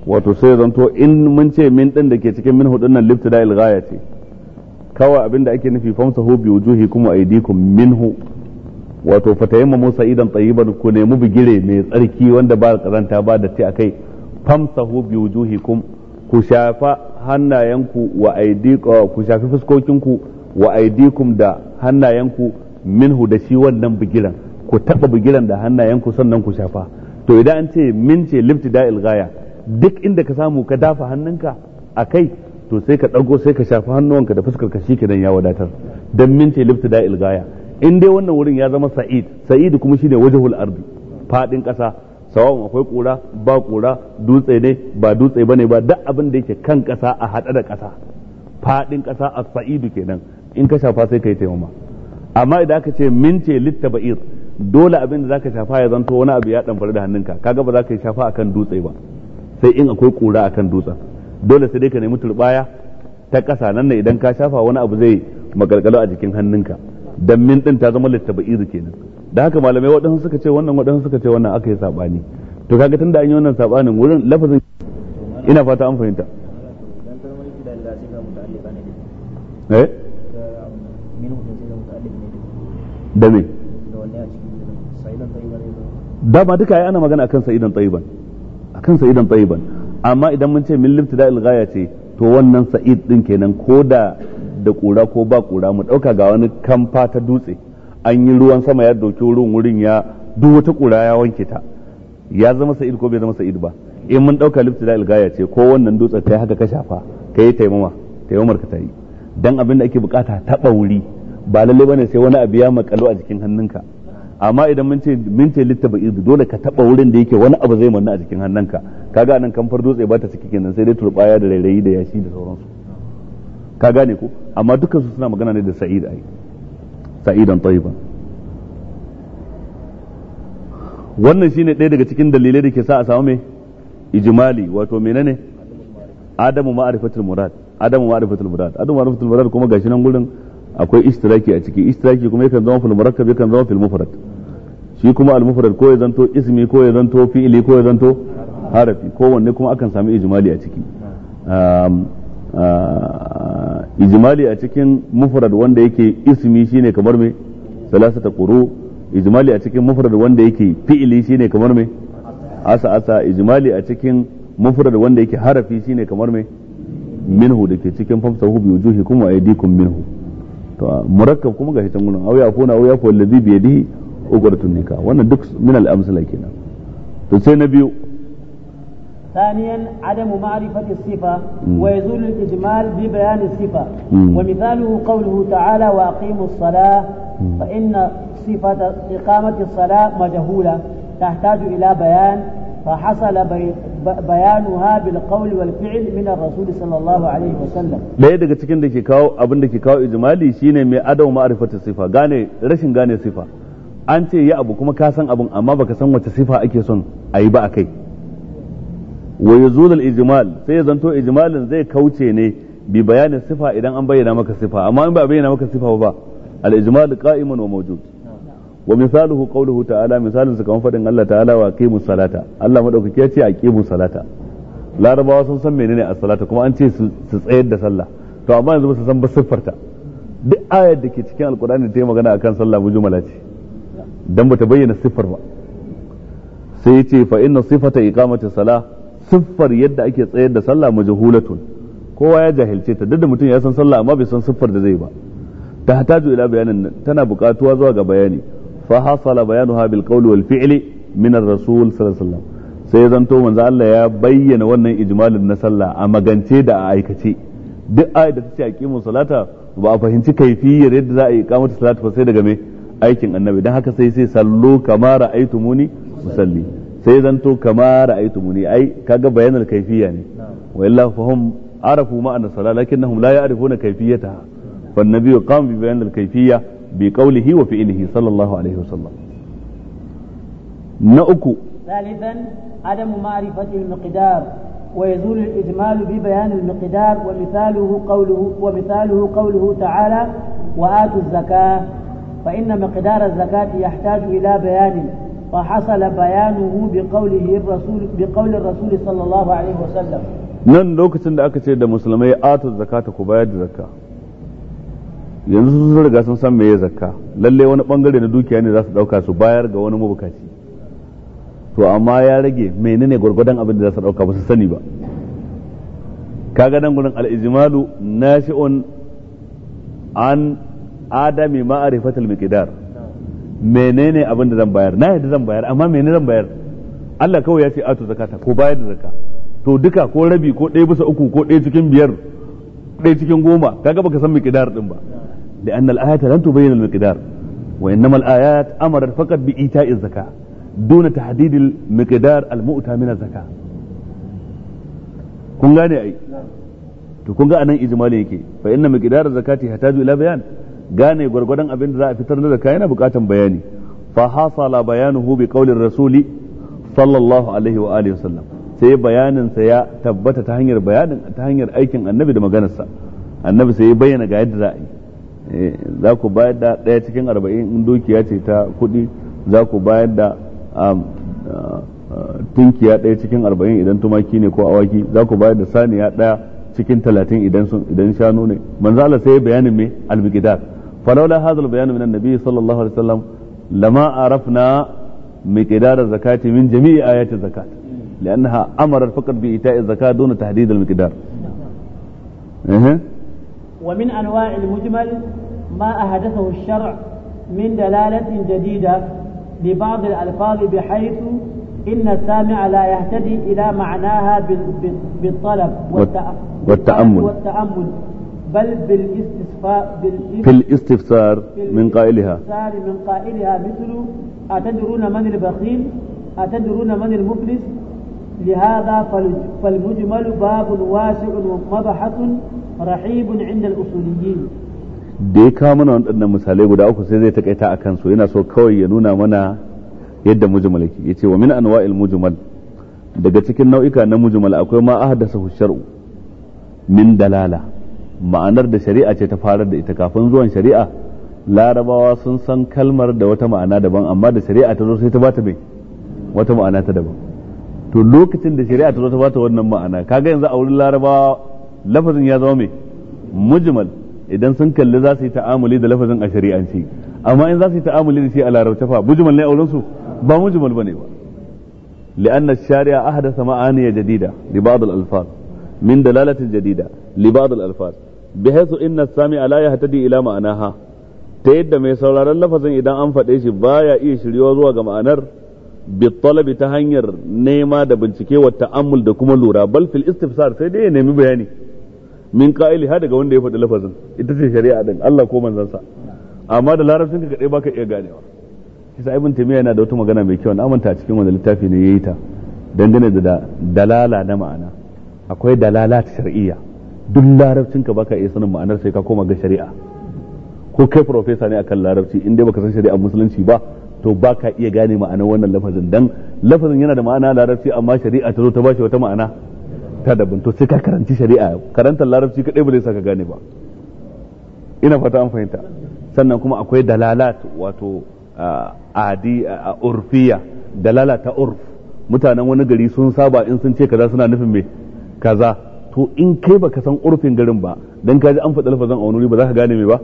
wato sai zanto in mun ce min din da ke cikin min hudun nan libtida ilgaya ce kawai abinda ake nufi famsahu bi wujuhi wa aidikum minhu wato fatayamma musa idan tayyiban ku nemi bigire mai tsarki wanda ba karanta ba da ti akai famsahu bi kum ku shafa hannayenku wa aidikum ku shafi fuskokinku wa aidikum da hannayenku minhu da shi wannan bigiran ku taba bigiran da hannayenku sannan ku shafa to idan an ce min ce da ghaya duk inda ka samu ka dafa hannunka a kai to sai ka ɗago sai ka shafi hannuwanka da fuskar ka shi kenan ya wadatar dan min ce da ghaya in dai wannan wurin ya zama sa'id sa'id kuma shine wajhul ardi fadin ƙasa sawa'un akwai kura ba kura dutse ne ba dutse bane ba duk abin da yake kan kasa a hada da kasa fadin kasa a sa'idu kenan in ka shafa sai kai taimama amma idan aka ce min ce littaba'ir dole abin da zaka shafa ya zanto wani abu ya damfara da hannunka kaga ba za ka yi shafa akan dutse ba sai in akwai kura akan dutsen dole sai dai ka nemi turbaya ta ƙasa nan ne idan ka shafa wani abu zai magalgalo a jikin hannunka dan min din ta zama iri kenan da haka malamai waɗansu suka ce wannan waɗansu suka ce wannan aka yi sabani to kaga tunda an yi wannan sabanin wurin lafazin ina fata an fahimta eh da um, me dama duka ya ana magana akan sa'idan tayyiban akan sa'idan tayyiban amma idan mun ce min libtida'il ghaya ce to wannan sa'id din kenan ko da da kura ko ba kura mu dauka ga wani kamfa ta dutse an yi ruwan sama ya dauki ruwan wurin ya duk wata kura ya wanke ta ya zama sa'id ko bai zama sa'id ba in mun dauka libtida'il ghaya ce ko wannan dutse kai haka ka shafa kai taimama taimamar ka tayi dan abin da ake bukata ta wuri ba lalle bane sai wani abu ya makalo a jikin hannunka amma idan mun ce min ce littaba idu dole ka taba wurin da yake wani abu zai manna a cikin hannunka kaga nan kamfar dutse ba ta ciki kenan sai dai turbaya da rairayi da yashi da sauransu ka gane ko amma dukkan su suna magana ne da sa'id ai sa'idan tayyiba wannan shine ɗaya daga cikin dalilai da ke sa a samu mai ijmali wato menene adamu ma'rifatul murad adamu ma'rifatul murad adamu ma'rifatul murad kuma gashi nan gurin akwai istiraki a ciki istiraki kuma yakan zama fil murakkab yakan zama fil mufrad shi kuma al-mufrad ko ya zanto ismi ko ya zanto fi'ili ko ya zanto harafi kowanne kuma akan sami ijmali a ciki ijmali a cikin mufrad wanda yake ismi shine kamar me salasata quru ijmali a cikin mufrad wanda yake fi'ili shine kamar me asa asa ijmali a cikin mufrad wanda yake harafi shine kamar me minhu dake cikin famsahu bi wujuhikum wa aydikum minhu to murakkab kuma ga hitan gunan aw yafuna aw yafu allazi bi yadihi uqdatun nikah wannan duk min al-amsala kenan to sai na biyu ثانيا عدم معرفة الصفة ويزول الإجمال ببيان الصفة ومثاله قوله تعالى وأقيموا الصلاة فإن صفة إقامة الصلاة مجهولة تحتاج إلى بيان فحصل بي بيانها بالقول والفعل من الرسول صلى الله عليه وسلم ɗaya daga cikin da ke kawo abin da ke kawo ijmali shine mai adau ma'rifatu sifa gane rashin gane sifa an ce yi abu kuma ka san abun amma baka san wace sifa ake son a yi ba a kai wa yuzul Ijimal? sai ya zanto ijmalin zai kauce ne bi bayanin sifa idan an bayyana maka sifa amma in ba bayyana maka sifa ba al ijmal qa'iman wa mawjud wa misaluhu qawluhu ta'ala misalin sa kamar fadin Allah ta'ala wa aqimus salata Allah madaukaki ya ce aqimus salata larabawa sun san menene as-salata kuma an ce su tsayar da sallah to amma yanzu ba su san ba siffarta duk ayar da ke cikin alkur'ani ta yi magana akan sallah mujmala ce dan bata bayyana siffar ba sai ya ce fa inna sifata iqamati salah siffar yadda ake tsayar da sallah majhulatun kowa ya jahilce ta duk da mutum ya san sallah amma bai san siffar da zai ba ta hataju ila bayanin tana buƙatuwa zuwa ga bayani fa hasala bayanuha bil qawli wal fi'li min ar-rasul sallallahu alaihi wasallam sai manzo Allah ya bayyana wannan ijmalin na sallah a magance da a aikace duk ayat da ta ce aqimu salata ba a fahimci kaifiyar yadda za a yi iqamatu salata ba sai daga me aikin annabi don haka sai sai sallo kama ra'aitu muni musalli sai zanto kama ra'aitu muni ai kaga bayanan kaifiya ne wa illa fahum arafu ma'ana sala lakinnahum la ya'rifuna kaifiyata fa annabi qam bi bayan al bi qawlihi wa fi'lihi sallallahu alaihi wasallam na uku ma'rifati al-miqdar al-ijmal wa bi bayan al-miqdar wa mithaluhu qawluhu wa mithaluhu qawluhu ta'ala wa atu az-zakah فإن مقدار الزكاة يحتاج إلى بيان وحصل بيانه بقوله الرسول بقول الرسول صلى الله عليه وسلم nan lokacin da aka ce da musulmai ato zakata ku bayar da zakka yanzu sun riga sun san meye zakka lalle wani bangare na dukiya ne za su dauka su bayar ga wani mabukaci to amma ya rage menene gwargwadon abin da za su dauka ba su sani ba kaga nan gurin al-ijmalu nashi'un an adami ma'arifatul miqdar menene abin da zan bayar na yadda zan bayar amma menene zan bayar Allah kawai ya ce atu zakata ko bayar da zakka to duka ko rabi ko ɗaya bisa uku ko ɗaya cikin biyar ɗaya cikin goma kaga baka san miqdar din ba da annal ayata lan tubayyana miqdar wa al ayat amarat faqat bi ita'iz duna tahdidil miqdar al mu'ta min zakka kun gane ai to kun ga anan ijmali yake fa inna miqdar zakati hataju ila bayan gane gwargwadon abin da za a fitar da zakka yana bukatan bayani fa hasala bayanuhu bi qaulir rasuli sallallahu alaihi wa alihi wasallam sai bayanin sa ya tabbata ta hanyar bayanin ta hanyar aikin annabi da maganarsa annabi sai ya bayyana ga yadda za a yi eh, za ku bayar da ɗaya cikin arba'in in dukiya ce ta kuɗi za ku bayar da um, uh, uh, tunkiya ɗaya cikin arba'in idan tumaki ne ko awaki za ku bayar da saniya ɗaya cikin talatin idan shanu ne manzala sai bayanin me albigidar فلولا هذا البيان من النبي صلى الله عليه وسلم لما عرفنا مقدار الزكاة من جميع آيات الزكاة لأنها أمرت فقط بإيتاء الزكاة دون تحديد المقدار إيه؟ ومن أنواع المجمل ما أحدثه الشرع من دلالة جديدة لبعض الألفاظ بحيث إن السامع لا يهتدي إلى معناها بالطلب والتأمل, والتأمل بل بالاستفسار بالاستفسار من قائلها بالاستفسار من قائلها مثل أتدرون من البخيل أتدرون من المفلس لهذا فالمجمل باب واسع ومبحث رحيب عند الأصوليين da ya kawo mana waɗannan misalai guda uku sai zai takaita a kansu yana so kawai ya nuna mana yadda mujmal yake yace wa min anwa'il mujmal daga cikin nau'ika na mujmal akwai ma ahdasa shar'u min dalala ma'anar da shari'a ce ta farar da ita kafin zuwan shari'a larabawa sun san kalmar da wata ma'ana daban amma da shari'a ta zo sai ta bata mai wata ma'ana ta daban to lokacin da shari'a ta zo ta bata wannan ma'ana kaga yanzu a wurin larabawa lafazin ya zama mai mujmal idan sun kalli za su yi ta'amuli da lafazin a shari'anci amma in za su yi ta'amuli da shi a larabta fa mujmal ne a wurin su ba mujmal bane ba لأن الشارع أحدث معاني جديدة لبعض الألفاظ من دلالة جديدة لبعض الألفاظ bihaisu inna sami ala ya hatadi ila ma'anaha ta yadda mai sauraron lafazin idan an faɗe shi baya iya shiryo zuwa ga ma'anar bitalabi ta hanyar nema da bincike wa ta'ammul da kuma lura bal fil istifsar sai dai ya nemi bayani min qa'ili ha daga wanda ya faɗi lafazin ita ce shari'a din Allah ko zansa amma da larabcin ka kadai baka iya ganewa kisa ibn taymiya yana da wata magana mai kyau na amanta a cikin wannan littafi ne yayi ta dangane da dalala na ma'ana akwai dalala ta shar'iyya duk larabcin ka baka iya sanin ma'anar sai ka koma ga shari'a ko kai profesa ne akan larabci in dai baka san shari'a musulunci ba to baka iya gane ma'anar wannan lafazin dan lafazin yana da ma'ana larabci amma shari'a ta zo ta bashi wata ma'ana ta daban to sai ka karanci shari'a karantar larabci kadai ba zai saka gane ba ina fata an fahimta sannan kuma akwai dalalat wato adi a urfiya dalala ta urf mutanen wani gari sun saba in sun ce kaza suna nufin me kaza to in kai baka san urfin garin ba dan kaji an faɗi lafazan a wani ba za ka gane me ba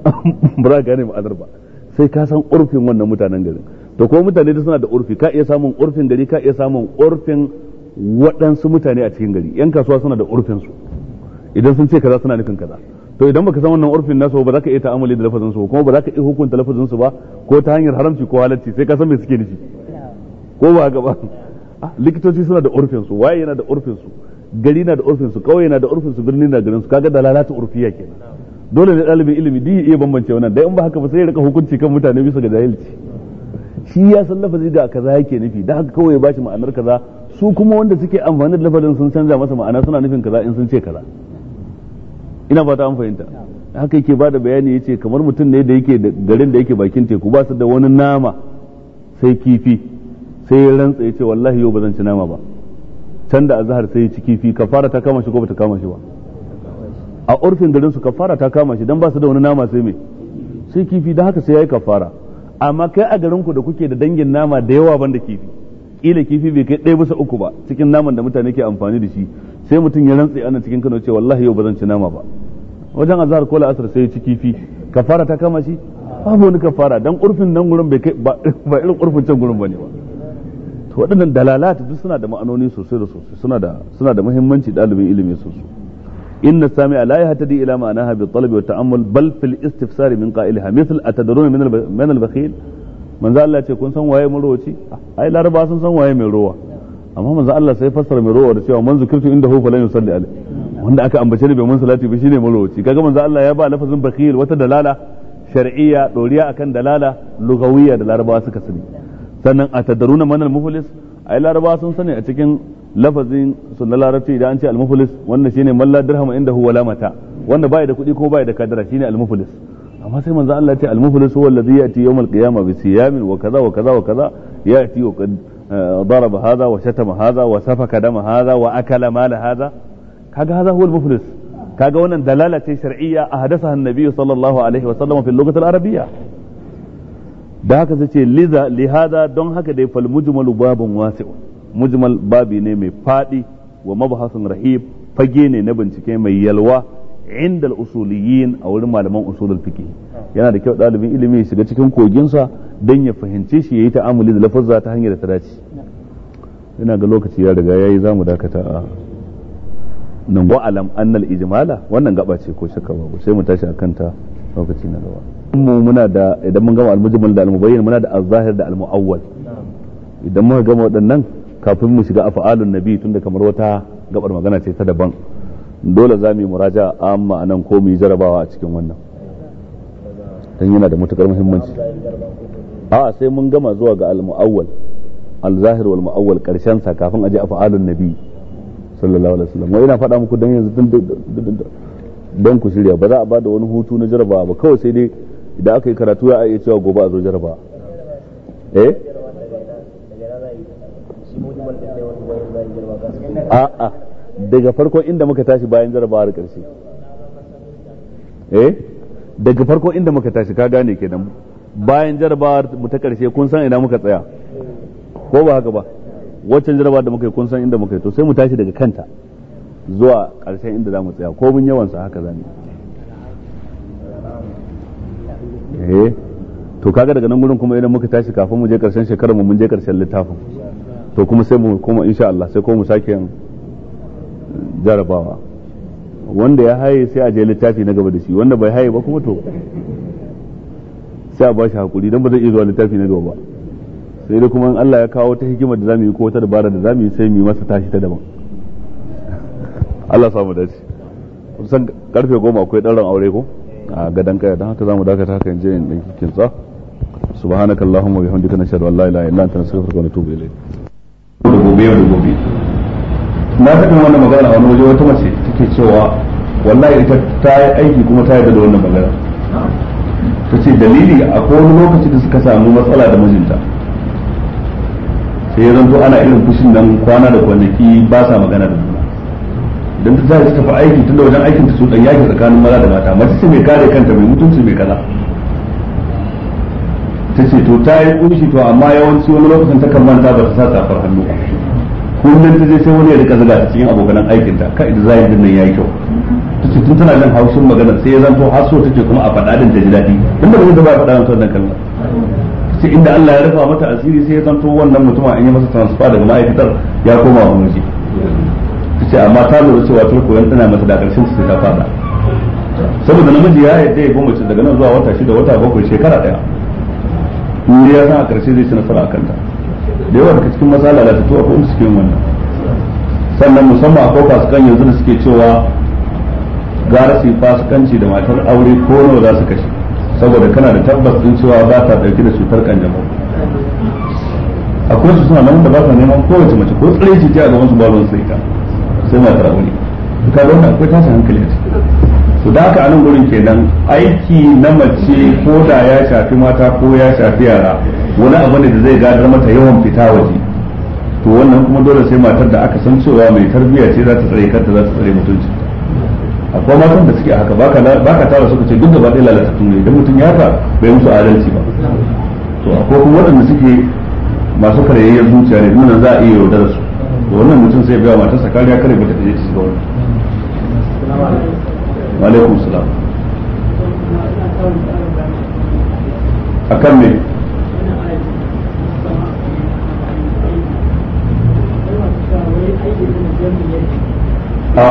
ba za ka gane ma'azar ba sai ka san urfin wannan mutanen garin to ko mutane da suna da urfi ka iya samun urfin gari ka iya samun urfin waɗansu mutane a cikin gari yan kasuwa suna da urfin su idan sun ce kaza suna nufin kaza to idan baka san wannan urfin nasu ba za ka iya ta'amali da lafazin su kuma ba za ka iya hukunta lafazin su ba ko ta hanyar haramci ko halacci sai ka san me suke nufi ko ba gaba ah, likitoci suna da urfin su waye yana da urfin su gari na da urfin su kauye na da urfin su birni na garin su kaga da lalata urfiya kenan dole ne dalibin ilimi duk iya bambance wannan dai in ba haka ba sai ya rika hukunci kan mutane bisa ga jahilci shi ya san lafazi da kaza yake nufi da haka kawai ya bashi ma'anar kaza su kuma wanda suke amfani da lafazin sun canza masa ma'ana suna nufin kaza in sun ce kaza ina fata an fahimta haka yake ba da bayani ce kamar mutum ne da yake garin da yake bakin teku ba su da wani nama sai kifi sai ya rantsa yace wallahi yau ba zan ci nama ba can da azhar sai ya ci kifi kafara ta kama shi ko bata kama shi ba a urfin garin su kafara ta kama shi dan ba su da wani nama sai me sai kifi da haka sai yayi kafara amma kai a garin ku da kuke da dangin nama da yawa banda kifi kila kifi bai kai ɗaya bisa uku ba cikin naman da mutane ke amfani da shi sai mutum ya rantse ana cikin Kano ce wallahi yau ba zan ci nama ba wajen azhar ko la'asar sai ya ci kifi kafara ta kama shi babu wani kafara dan urfin nan gurin bai kai ba irin urfin can gurin bane ba waɗannan dalalat duk suna da ma'anoni sosai da sosai suna da suna da muhimmanci ɗalibin ilimi sosai inna sami'a la yahtadi ila ma'anaha bi talabi wa ta'ammul bal fil istifsari min qa'ilha mithl atadruna min min al bakhil manzo Allah ce kun san waye marowaci ah, ai laraba sun san waye mai ruwa. amma manzo Allah sai fassara mai ruwa da cewa man zikirtu inda hu falan yusalli alai wanda aka ambace ni bai mun salati ba shine marowaci kaga manzo Allah ya ba lafazin bakhil wata dalala shar'iyya doriya akan dalala lugawiyya da larabawa suka sani sannan a tadaruna manal muflis ai laraba sun sani a cikin lafazin sun na larabci idan an ce al-muflis wanda shine man la inda huwa lamata wanda bai da kuɗi ko bai da kadara shine al-muflis amma sai manzo Allah ya ce al-muflis huwa alladhi yati yawm al-qiyamah bi siyamin wa kaza wa kaza wa kaza yati wa qad eh, daraba hadha wa shatama hadha wa safaka dama hadha wa akala mal hadha kaga hadha huwa al kaga wannan dalala ce shar'iyya a hadasa annabi sallallahu alaihi wa sallam fil lughati al-arabiyya da haka sai ce liza lihada don haka dai fal mujmalu babun wasi'u mujmal babi ne mai fadi wa mabhasun rahib fage ne na bincike mai yalwa inda al-usuliyin a wurin malaman usulul fiqh yana da kyau dalibin ilimi ya shiga cikin koginsa don ya fahimce shi yayi ta'amuli da lafazza ta hanyar da ta dace ina ga lokaci ya riga yayi zamu dakata a nan wa'alam annal ijmala wannan gaba ce ko shakka ba sai mu tashi akan ta lokaci na gaba mu muna da idan mun gama almujmal da almubayyin muna da azahir da almuawwal idan muka gama waɗannan kafin mu shiga afa'alun nabi tunda kamar wata gabar magana ce ta daban dole za mu yi muraja amma anan ko mu yi jarabawa a cikin wannan dan yana da matukar muhimmanci a sai mun gama zuwa ga almuawwal alzahir wal muawwal karshen sa kafin aje afa'alun nabi sallallahu alaihi wasallam wai ina faɗa muku dan yanzu don ku shirya ba za a ba da wani hutu na jarabawa ba kawai sai dai idan aka yi karatu ya iya cewa gobe a zo jarabawa eh daga farko inda muka tashi bayan har karshe eh daga farko inda muka tashi ka gane kenan bayan jarabawar mu ta karshe kun san ina muka tsaya ko ba haka ba waccan jarabawar da muka yi kun san inda muka yi to sai mu tashi daga kanta zuwa ƙarshen inda za mu tsaya ko mun yawan sa haka zamu eh to kaga daga nan gurin kuma idan muka tashi kafin mu je ƙarshen shekarar mu mun je ƙarshen littafin to kuma sai mu kuma insha Allah sai ko mu sake jarabawa wanda ya haye sai a je littafi na gaba da shi wanda bai haye ba kuma to sai a bashi hakuri dan ba zai iya zuwa littafi na gaba ba sai dai kuma Allah ya kawo ta hikima da zamu yi ko ta dabara da zamu yi sai mu yi masa tashi ta daban Allah samu dace san karfe goma akwai ran aure ko a gadon kaya don haka zamu dakata haka yanzu yin ɗan kikin sa subhanaka allahumma bihamdika nashhadu an la ilaha illa anta nastaghfiruka wa natubu ilayk gobe da gobe na taɓa wannan magana a wani waje wata mace take cewa wallahi ita ta yi aiki kuma ta yarda da wannan magana ta ce dalili a wani lokaci da suka samu matsala da mijinta sai ya zanto ana irin fushin nan kwana da kwanaki ba sa magana da don ta zai tafi aiki tunda wajen aikin ta sun dan yaki tsakanin maza da mata mace ce mai kare kanta mai mutunci mai kaza ta ce to ta yi kunshi to amma yawanci wani lokacin takan manta ba ta sa tafar hannu ba kullum ta je sai wani ya rika zuga ta cikin abokan aikin ta kai da zai dinnan ya yayi kyau ta ce tun tana jin haushin magana sai ya zanto har so ta ce kuma a faɗa din ta ji daɗi tun da ba ya faɗa mata wannan kalma sai inda Allah ya rufa mata asiri sai ya zanto wannan mutum a yi masa transfer daga ma'aikatar ya koma wani sai amma ta lura cewa turku yan tana mata da karshen sai ta fada saboda namiji ya yadda ya goma daga nan zuwa wata shida wata bakwai shekara daya in ya san a karshe zai ci nasara akan ta da yawa daga cikin matsala da tuwa ko suke yin wannan sannan musamman akwai fasikan yanzu da suke cewa gara su fasikanci da matar aure ko nawa za su kashe saboda kana da tabbas din cewa ba ta dauke da cutar kanjamau akwai su suna nan da ba sa neman kowace mace ko ce ta a gaban su ba ruwan sai ta sai ma karamu ne ka zo akwai tashin hankali su da aka anan gurin kenan aiki na mace ko da ya shafi mata ko ya shafi yara wani abu ne da zai gadar mata yawan fita waje to wannan kuma dole sai matar da aka san cewa mai tarbiyya ce za ta tsare kanta za ta tsare mutunci akwai matan da suke haka baka tara suka ce duk da gaba ɗaya lalatattu ne idan mutum ya ka bai musu adalci ba to akwai kuma waɗanda suke masu karayayyar zuciya ne nuna za a iya yaudara su wannan mutum sai biya matar sa kariya kare mata je ta shiga wannan wa alaikum salam akan me a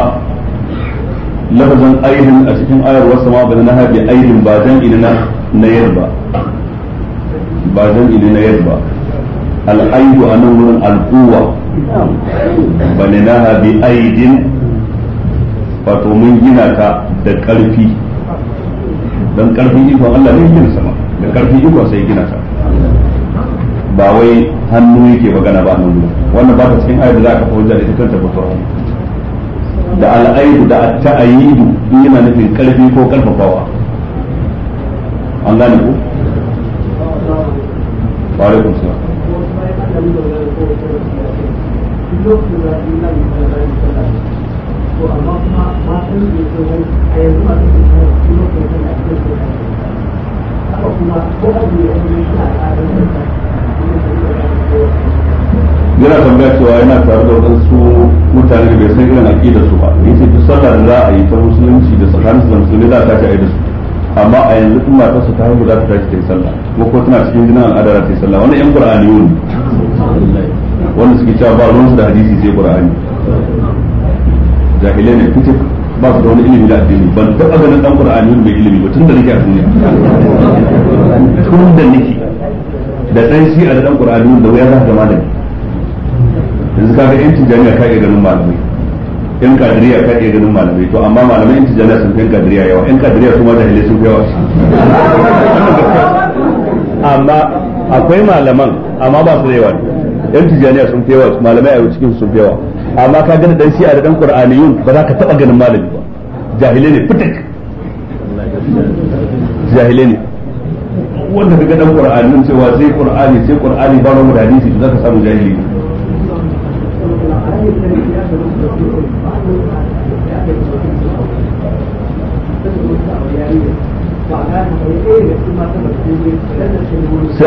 lafazan ainihin a cikin ayar wasu ma bana haɗe ba zan ina na yar ba ba zan ina na yar ba al'aibu a nan wurin al'uwa balinaha bi aidin wato mun gina ta da ƙarfi don ƙarfin ikon Allah ne gina sama da ƙarfin ikon sai gina ta ba wai hannu yake magana ba nan gudu wannan ba ta cikin ayar da za ka fa hujja da ita ta fito da al'aibu da at-ta'ayidu yana nufin ƙarfi ko ƙarfafawa an gane ku wa alaikum salam yana tambaya cewa yana tare da waɗansu mutane da bai san irin aƙidar su ba yace duk sallar da za a yi ta musulunci da tsakanin su da musulmi za a tashi a yi da su amma a yanzu tun matar su ta haihu za ta tashi ta yi sallah ko ko tana cikin jinin al'ada ta yi sallah wannan yan qur'ani ne wanda suke cewa ba ruwansu da hadisi sai qur'ani jahilai ne kuke ba su da wani ilimi da addini ban taɓa ganin dan qur'ani mai ilimi ba tun da nake a duniya tun da nake da dan shi a da dan qur'ani da wuya da ka da malami yanzu kaga yancin jami'a ka iya ganin malami yan kadiriya ka iya ganin malamai to amma malamai inci jana sun fi yan kadiriya yawa yan kadiriya kuma hali sun fi yawa amma akwai malaman amma ba su da yawa yan tijaniya sun fi yawa malamai a cikin sun fi yawa amma ka gani dan shi'a da dan qur'aniyun ba za ka taba ganin malami ba jahilai ne fitak jahilai ne wanda ga dan qur'aniyun cewa sai qur'ani sai qur'ani ba mu da hadisi za ka samu jahili sai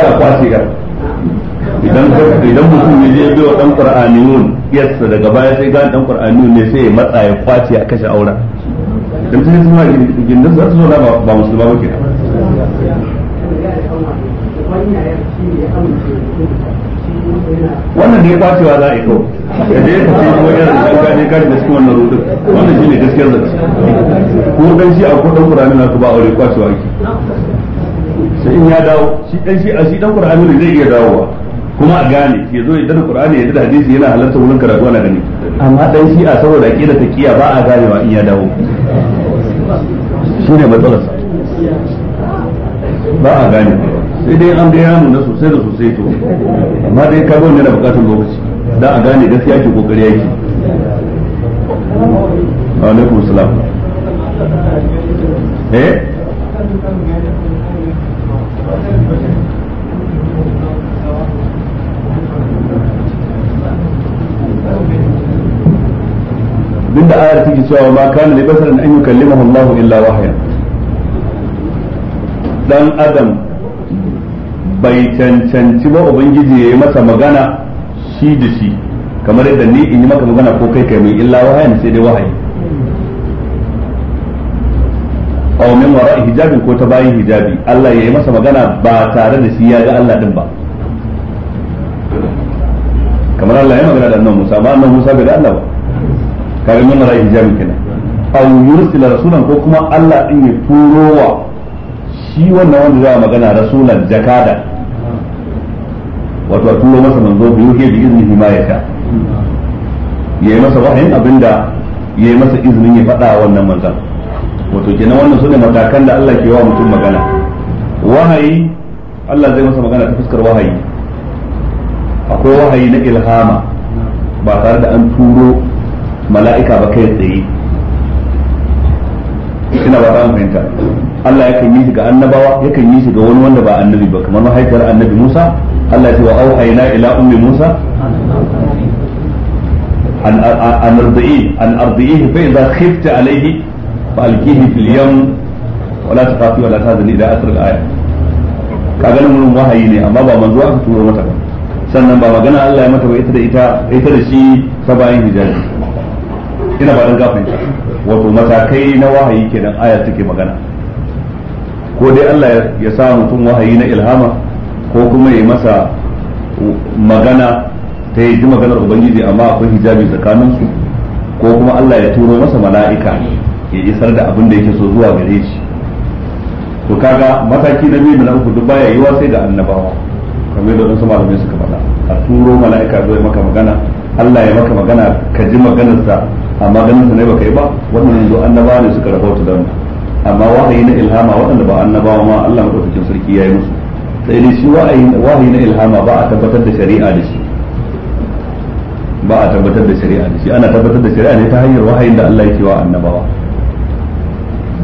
a kwace ga idan mutum ya je biyo dan qur'aniyun yassa daga baya sai ga dan qur'aniyun ne sai ya matsa ya kwace a kashe aura dan sai sun wani gindin za su zo ba musulma ba kenan wannan da ya kwacewa za a yi kawo da dai ka sai kuma yana da kanka ne kare da cikin wannan rudin wannan shi ne gaskiyar zance ko dan shi a kudin kurani na ba aure kwacewa yake sai in ya dawo shi dan shi a shi dan kurani ne zai iya dawowa kuma a gane ya zo ya dana ya dada hadisi yana halarta wurin karatu ana gani amma dan shi a saboda aqida ta kiya ba a ganewa in ya dawo ne matsalarsa ba a gane sai dai an ga ya nuna sosai da sosai to amma dai kaga wannan yana bukatar lokaci da a gane gaskiya ke kokari yake alaikum salam eh bin da ayar take cewa ma kana li basarin an yukallimahu Allah illa wahya dan adam bai cancanci ba ubangiji ya yi masa magana shi da shi kamar yadda ni in yi maka magana ko kai kai mai illa ne sai dai wahayi aw min wara'i hijabin ko ta bayan hijabi Allah ya yi masa magana ba tare da shi ya ga Allah din ba kamar Allah ya magana da annabi Musa ba annabi Musa bai da Allah ba kare min wara'i hijabin kenan aw yursila rasulan ko kuma Allah din ya turo wa shi wannan wanda za a magana rasulan jakada wato a turo masa manzo bi yake bi iznihi ma yasha yayi masa wahayin abinda yayi masa izinin ya faɗa wannan manzo wato kenan wannan sune matakan da Allah ke wa mutum magana wahayi Allah zai masa magana ta fuskar wahayi akwai wahayi na ilhama ba tare da an turo mala'ika ba kai tsaye ina ba za ta fahimta Allah yakan yi shi ga annabawa yakan yi shi ga wani wanda ba annabi ba kamar mahaifiyar annabi Musa Allah ya ce wa au aina ila ummi Musa an an ardihi an ardihi fa idza khifta alayhi fa alqihi fil yam wa la taqafi wa la tazni ila asr al aya kaga nan mun wahayi ne amma ba manzo aka turo mata ba sannan ba magana Allah ya mata ba ita da ita ita da shi sabayin hijabi ina ba dan gafin wato matakai na wahayi kenan aya take magana ko dai Allah ya sa mutum wahayi na ilhama ko kuma ya masa magana ta yi maganar ubangiji amma akwai hijabi tsakanin su ko kuma Allah ya turo masa mala'ika ya isar da abin da yake so zuwa gare shi to kaga mataki na biyu da na uku duk baya yiwa sai ga annabawa kamar da wasu malamai suka faɗa a turo mala'ika zai maka magana Allah ya maka magana ka ji maganarsa amma ganin sa ne baka yi ba wannan yanzu annabawa ne suka rahota da mu amma wahayi na ilhama waɗanda ba annabawa ma Allah madaukakin sarki ya musu sai dai shi wahayi na ilhama ba a tabbatar da shari'a da shi ba a tabbatar da shari'a da shi ana tabbatar da shari'a ne ta hanyar wahayin da Allah yake wa annabawa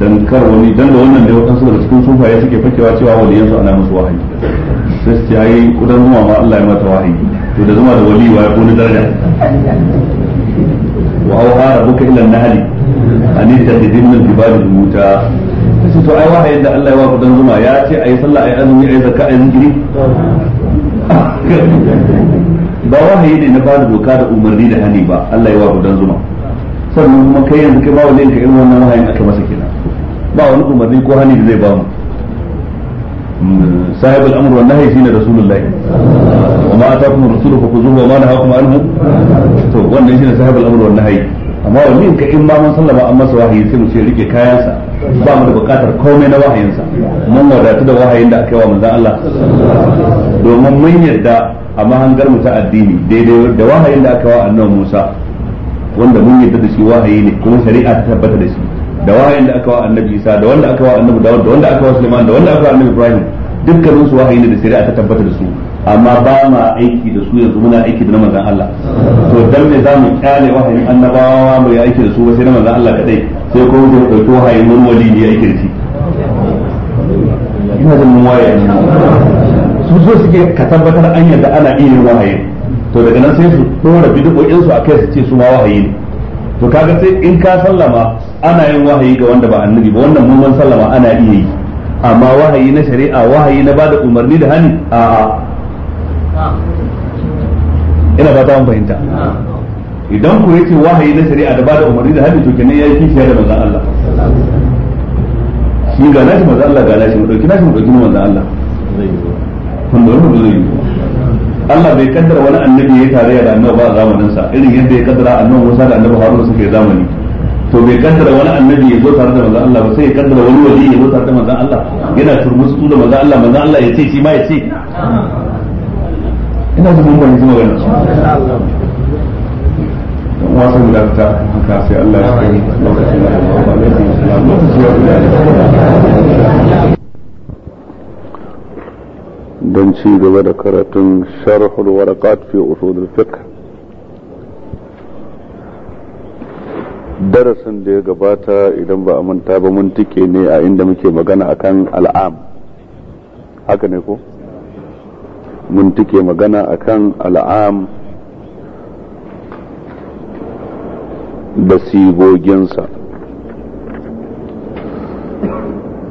dan kar wani dan da wannan da wadansu daga cikin sufaye suke fakewa cewa waliyansu ana musu wahayi sai su ce ai kudan zuma ma Allah ya mata wahayi to da zuma da wali wa ya kone daraja wa auha rabbuka النهل أن nahli من الجبال min al أي واحد الله أي صلى أي أنه azumi ne na doka da umarni da hani ba kai yanzu kai ba wani ka irin wannan wahayin aka masa kenan ba wani umarni ko hani da zai ba mu صاحب الامر wa فينا رسول الله وما اتاكم الرسول فخذوه وما نهاكم عنه تو to wannan shine sahibul amr wa amma waliyin ka in ma mun sallama an masa wahayi sai mu ce rike kayansa ba mu da bukatar komai na wahayinsa mun wadatu da wahayin da aka yi wa manzon Allah domin mun yarda a mahangar mu ta addini daidai da wahayin da aka wa annabi Musa wanda mun yarda da shi wahayi ne kuma shari'a ta tabbata da shi da wahayin da aka wa annabi isa da wanda aka wa annabi dawud da wanda aka wa suleiman da wanda aka wa annabi ibrahim dukkanin su wahayi ne da shari'a ta tabbata da su amma ba ma aiki da su yanzu muna aiki da na manzon Allah to dan me za mu kyale wahayin annabawa mu yi aiki da su ba sai na manzon Allah kadai sai ko mu dauki wahayin mun wali ne aiki da shi ina da mun waye su so suke ka tabbatar an yadda ana iya wahayin to daga nan sai su dora bid'o'in su akai su ce su ma wahayi ne to kaga sai in ka sallama ana yin wahayi ga wanda ba annabi ba wannan mun sallama ana iya yi amma wahayi na shari'a wahayi na bada umarni da hani a a ina ba ta fahimta idan ku yace wahayi na shari'a da bada umarni da hani to kenan yayi kishiya da manzon Allah shi ga nashi manzon Allah ga nashi mu dauki nashi mu dauki manzon Allah kun da wannan zai Allah bai kaddara wani annabi ya tarayya da annabi ba zamanin sa irin yadda ya kaddara annabi Musa da annabi Haruna suke zamani to bai kaddara wani annabi ya zo tare da manzon Allah ba sai ya kaddara wani wali ya zo tare da manzon Allah yana turmusu da manzon Allah manzon Allah ya ce shi ma ya ce ina da mun bayyana magana wasu da ta haka sai Allah ya kai lokacin da Allah ya yi salamu don ci gaba da karatun sharhul waraqat fi usul al-fiqh darasin da ya gabata idan ba a manta ba mun tike ne a inda muke magana akan al'am haka ne ko mun tike magana akan al'am da sigoginsa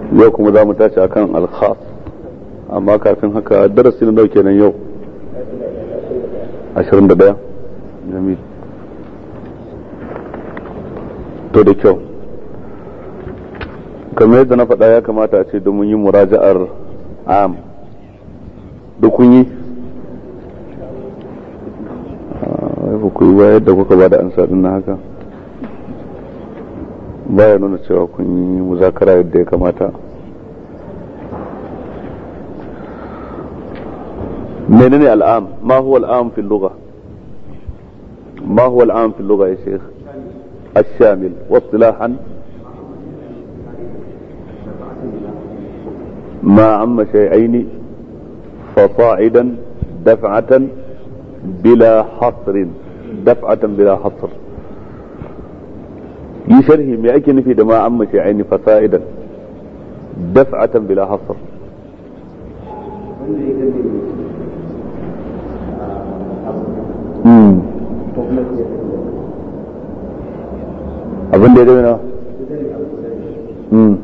yau kuma za mu tashi akan alkhas amma kafin haka darasi na dauke nan yau 21 jamil to da kyau kamar yadda na faɗa ya kamata a ce domin yi muraja'ar am da kun yi ah, ku yi ba yadda kuka ba da an ansa na haka baya nuna cewa kun yi muzakara yadda ya kamata menene al'am ma huwa al'am fil lugha ma huwa al'am fil lugha ya shekh الشامل واصطلاحا ما عم شيئين فصاعدا دفعة بلا حصر دفعة بلا حصر يشرح ما يكن في دماء عم شيئين فصاعدا دفعة بلا حصر مم. abin da ya zama hmm.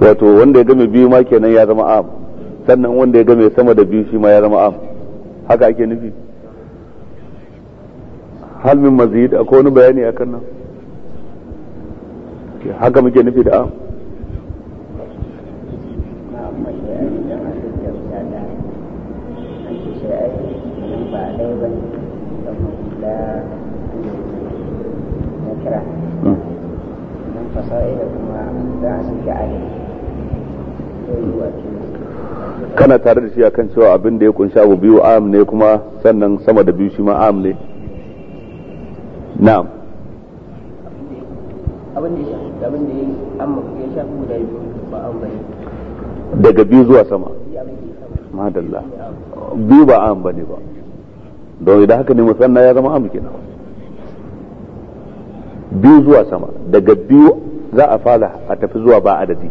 wato wanda ya game biyu ma kenan ya zama am sannan wanda ya game sama da biyu shi ma ya zama am haka ake nufi halmin min mazid akwai wani bayani a kan nan haka muke nufi da am Hmm. kana tare da shi a kan cewa abin da ya kunshi abu biyu am ne kuma sannan sama da biyu shi ma am ne na'am daga biyu zuwa sama madalla biyu ba am ne ba don idan haka ne musanna ya zama amu kenan biyu zuwa sama daga biyu za a fara a tafi zuwa ba adadi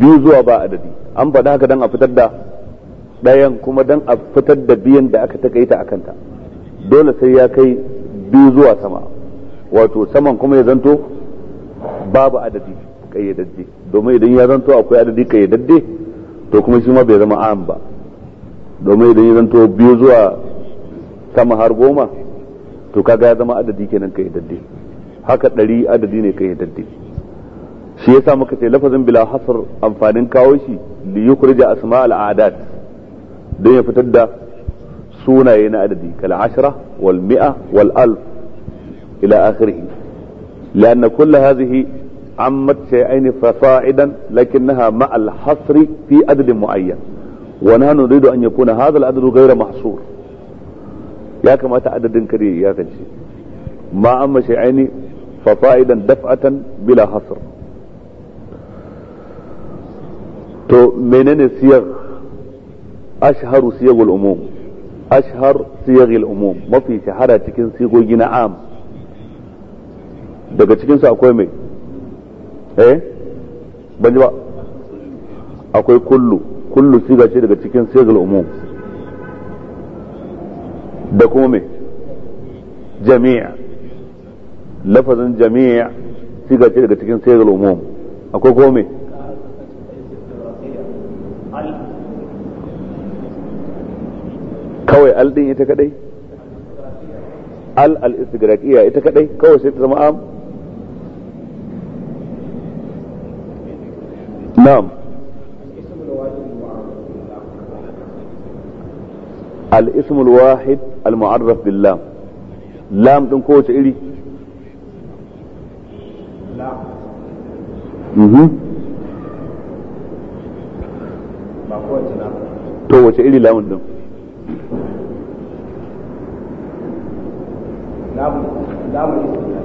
biyu zuwa ba adadi an faɗa haka don a fitar da ɗayan kuma don a fitar da biyan da aka takaita a kanta dole sai ya kai biyu zuwa sama wato saman kuma ya zanto babu adadi kayyadadde domin idan ya zanto akwai adadi kayyadadde to kuma shi ma bai zama am ba domin idan ya zanto biyu zuwa sama har goma to kaga ya zama adadi kenan kai dadde haka ɗari adadi ne kai dadi shi yasa muka ce lafazin bila hasr amfanin kawo shi li yukhrija asma al a'dad don ya fitar da sunaye na adadi kal ashra wal mi'a wal alf ila akhirih لأن كل هذه عمت شيئين فصاعدا لكنها مع الحصر في عدد معين ونحن نريد أن يكون هذا العدد غير محصور ya kamata adadin kare ya kace ma amma aini fa fa'idan daf'atan bila hasr to menene siyar ashharu siyagul umum ashhar siyagul umum mafi shahara cikin sigogi na am daga cikin su akwai mai eh ban ba akwai kullu kullu siga ce daga cikin siyagul umum da kuma mai jami'a lafazin jami'a siga ce daga cikin sayar umum akwai kuma mai kawai aldin ita kadai al al istigraqiya ita kadai kawai sai ta zama am na'am al ismul wahid Almu'an ras bi lam. Lam ɗin ko wacce iri. Lamu. Ba ko wacce lamu. To wacce iri lamun ɗin. Lamu, lamun ita gida.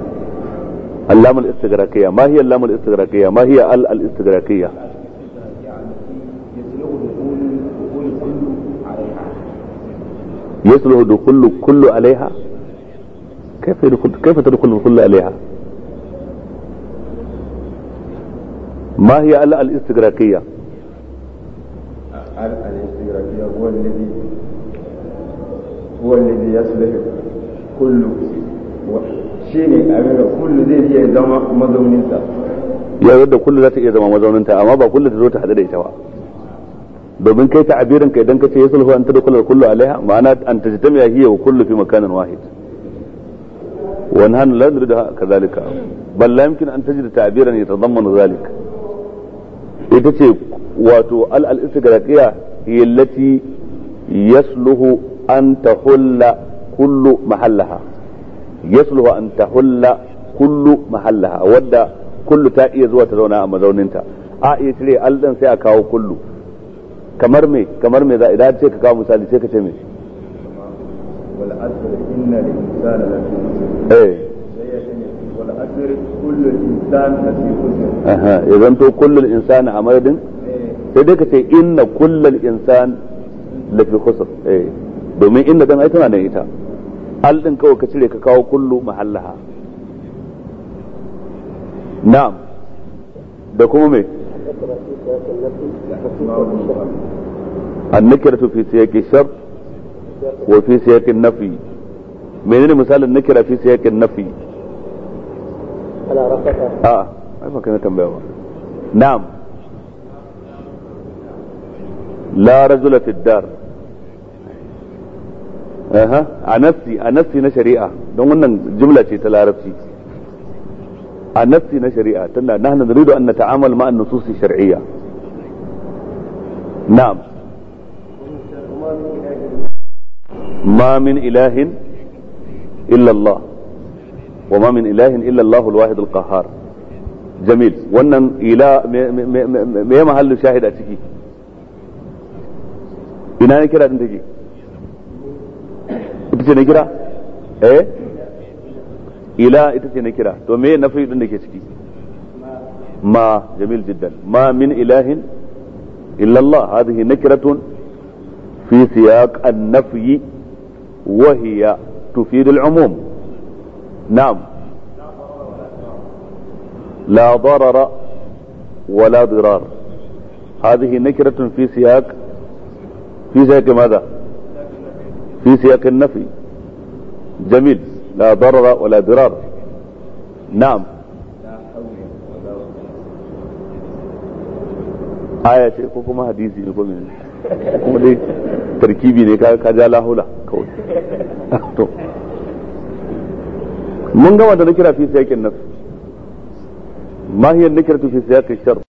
Alamun ita gada gayya mahiyar lamun ita gada gayya mahiyar al al يصلح دخول كل عليها كيف يدخل كيف تدخل الكل عليها ما هي الاستدراكية الاستدراكية هو الذي هو الذي يصلح كل shine abinda kullu zai iya zama mazauninsa ya yadda kullu za ta iya zama mazauninta amma ba kullu ta zo ta hadu da ita ba domin kai ta abirin kai ka ce yasulhu an tadkhulu kullu alaiha ma'ana an tajtami'a hiya wa kullu fi makanin wahid wa nahnu la nuridu kadhalika bal la yumkin an tajid ta'biran yatadammanu dhalik ita ce wato al al istighraqiya hiya allati yasluhu an tahulla kullu mahallaha yasluhu an tahulla kullu mahallaha wadda kullu ta iya zuwa ta zauna a mazauninta a iya cire al sai a kawo kullu kamar me kamar me za idan ce ka kawo misali sai ka ce me wal asr inna lil insani lafi khusr eh wal asr kullu insana lafi khusr aha idan to kullu insana a madadin eh. sai dai ka ce inna kullu insan lafi khusr eh domin inna dan ai tana da ita al din kawai ka cire ka kawo kullu mahallaha na'am da kuma me النكرة في سياق الشر وفي سياق النفي fi siyakin nafi ana rafaka a ai ba kana tambaya ba na'am la rajula na shari'a don wannan jumla ce ta larabci a nassi na shari'a tunda nahnu nuridu an nata'amal ma min ilahin illa Allah wa ma min illa Allah al-wahid al-qahhar ila me mahallu shahid a ciki ina kira kira eh? ila ita ce na kira to me na fi din da ke ciki ma jamil jiddan ma min ilahin illa Allah hadhihi nakiratun fi siyaq an-nafyi wa hiya tufid al-umum na'am la darara wa la dirar hadhihi nakiratun fi siyaq fi siyaq ماذا في سياق النفي جميل لا ضرر ولا ضرار نعم آية كوكو ما حديثي نقول من كوكو دي تركيبي نكا كجا لا هولا كوي من قوة نكرة في سياق النفس ما هي النكرة في سياق الشر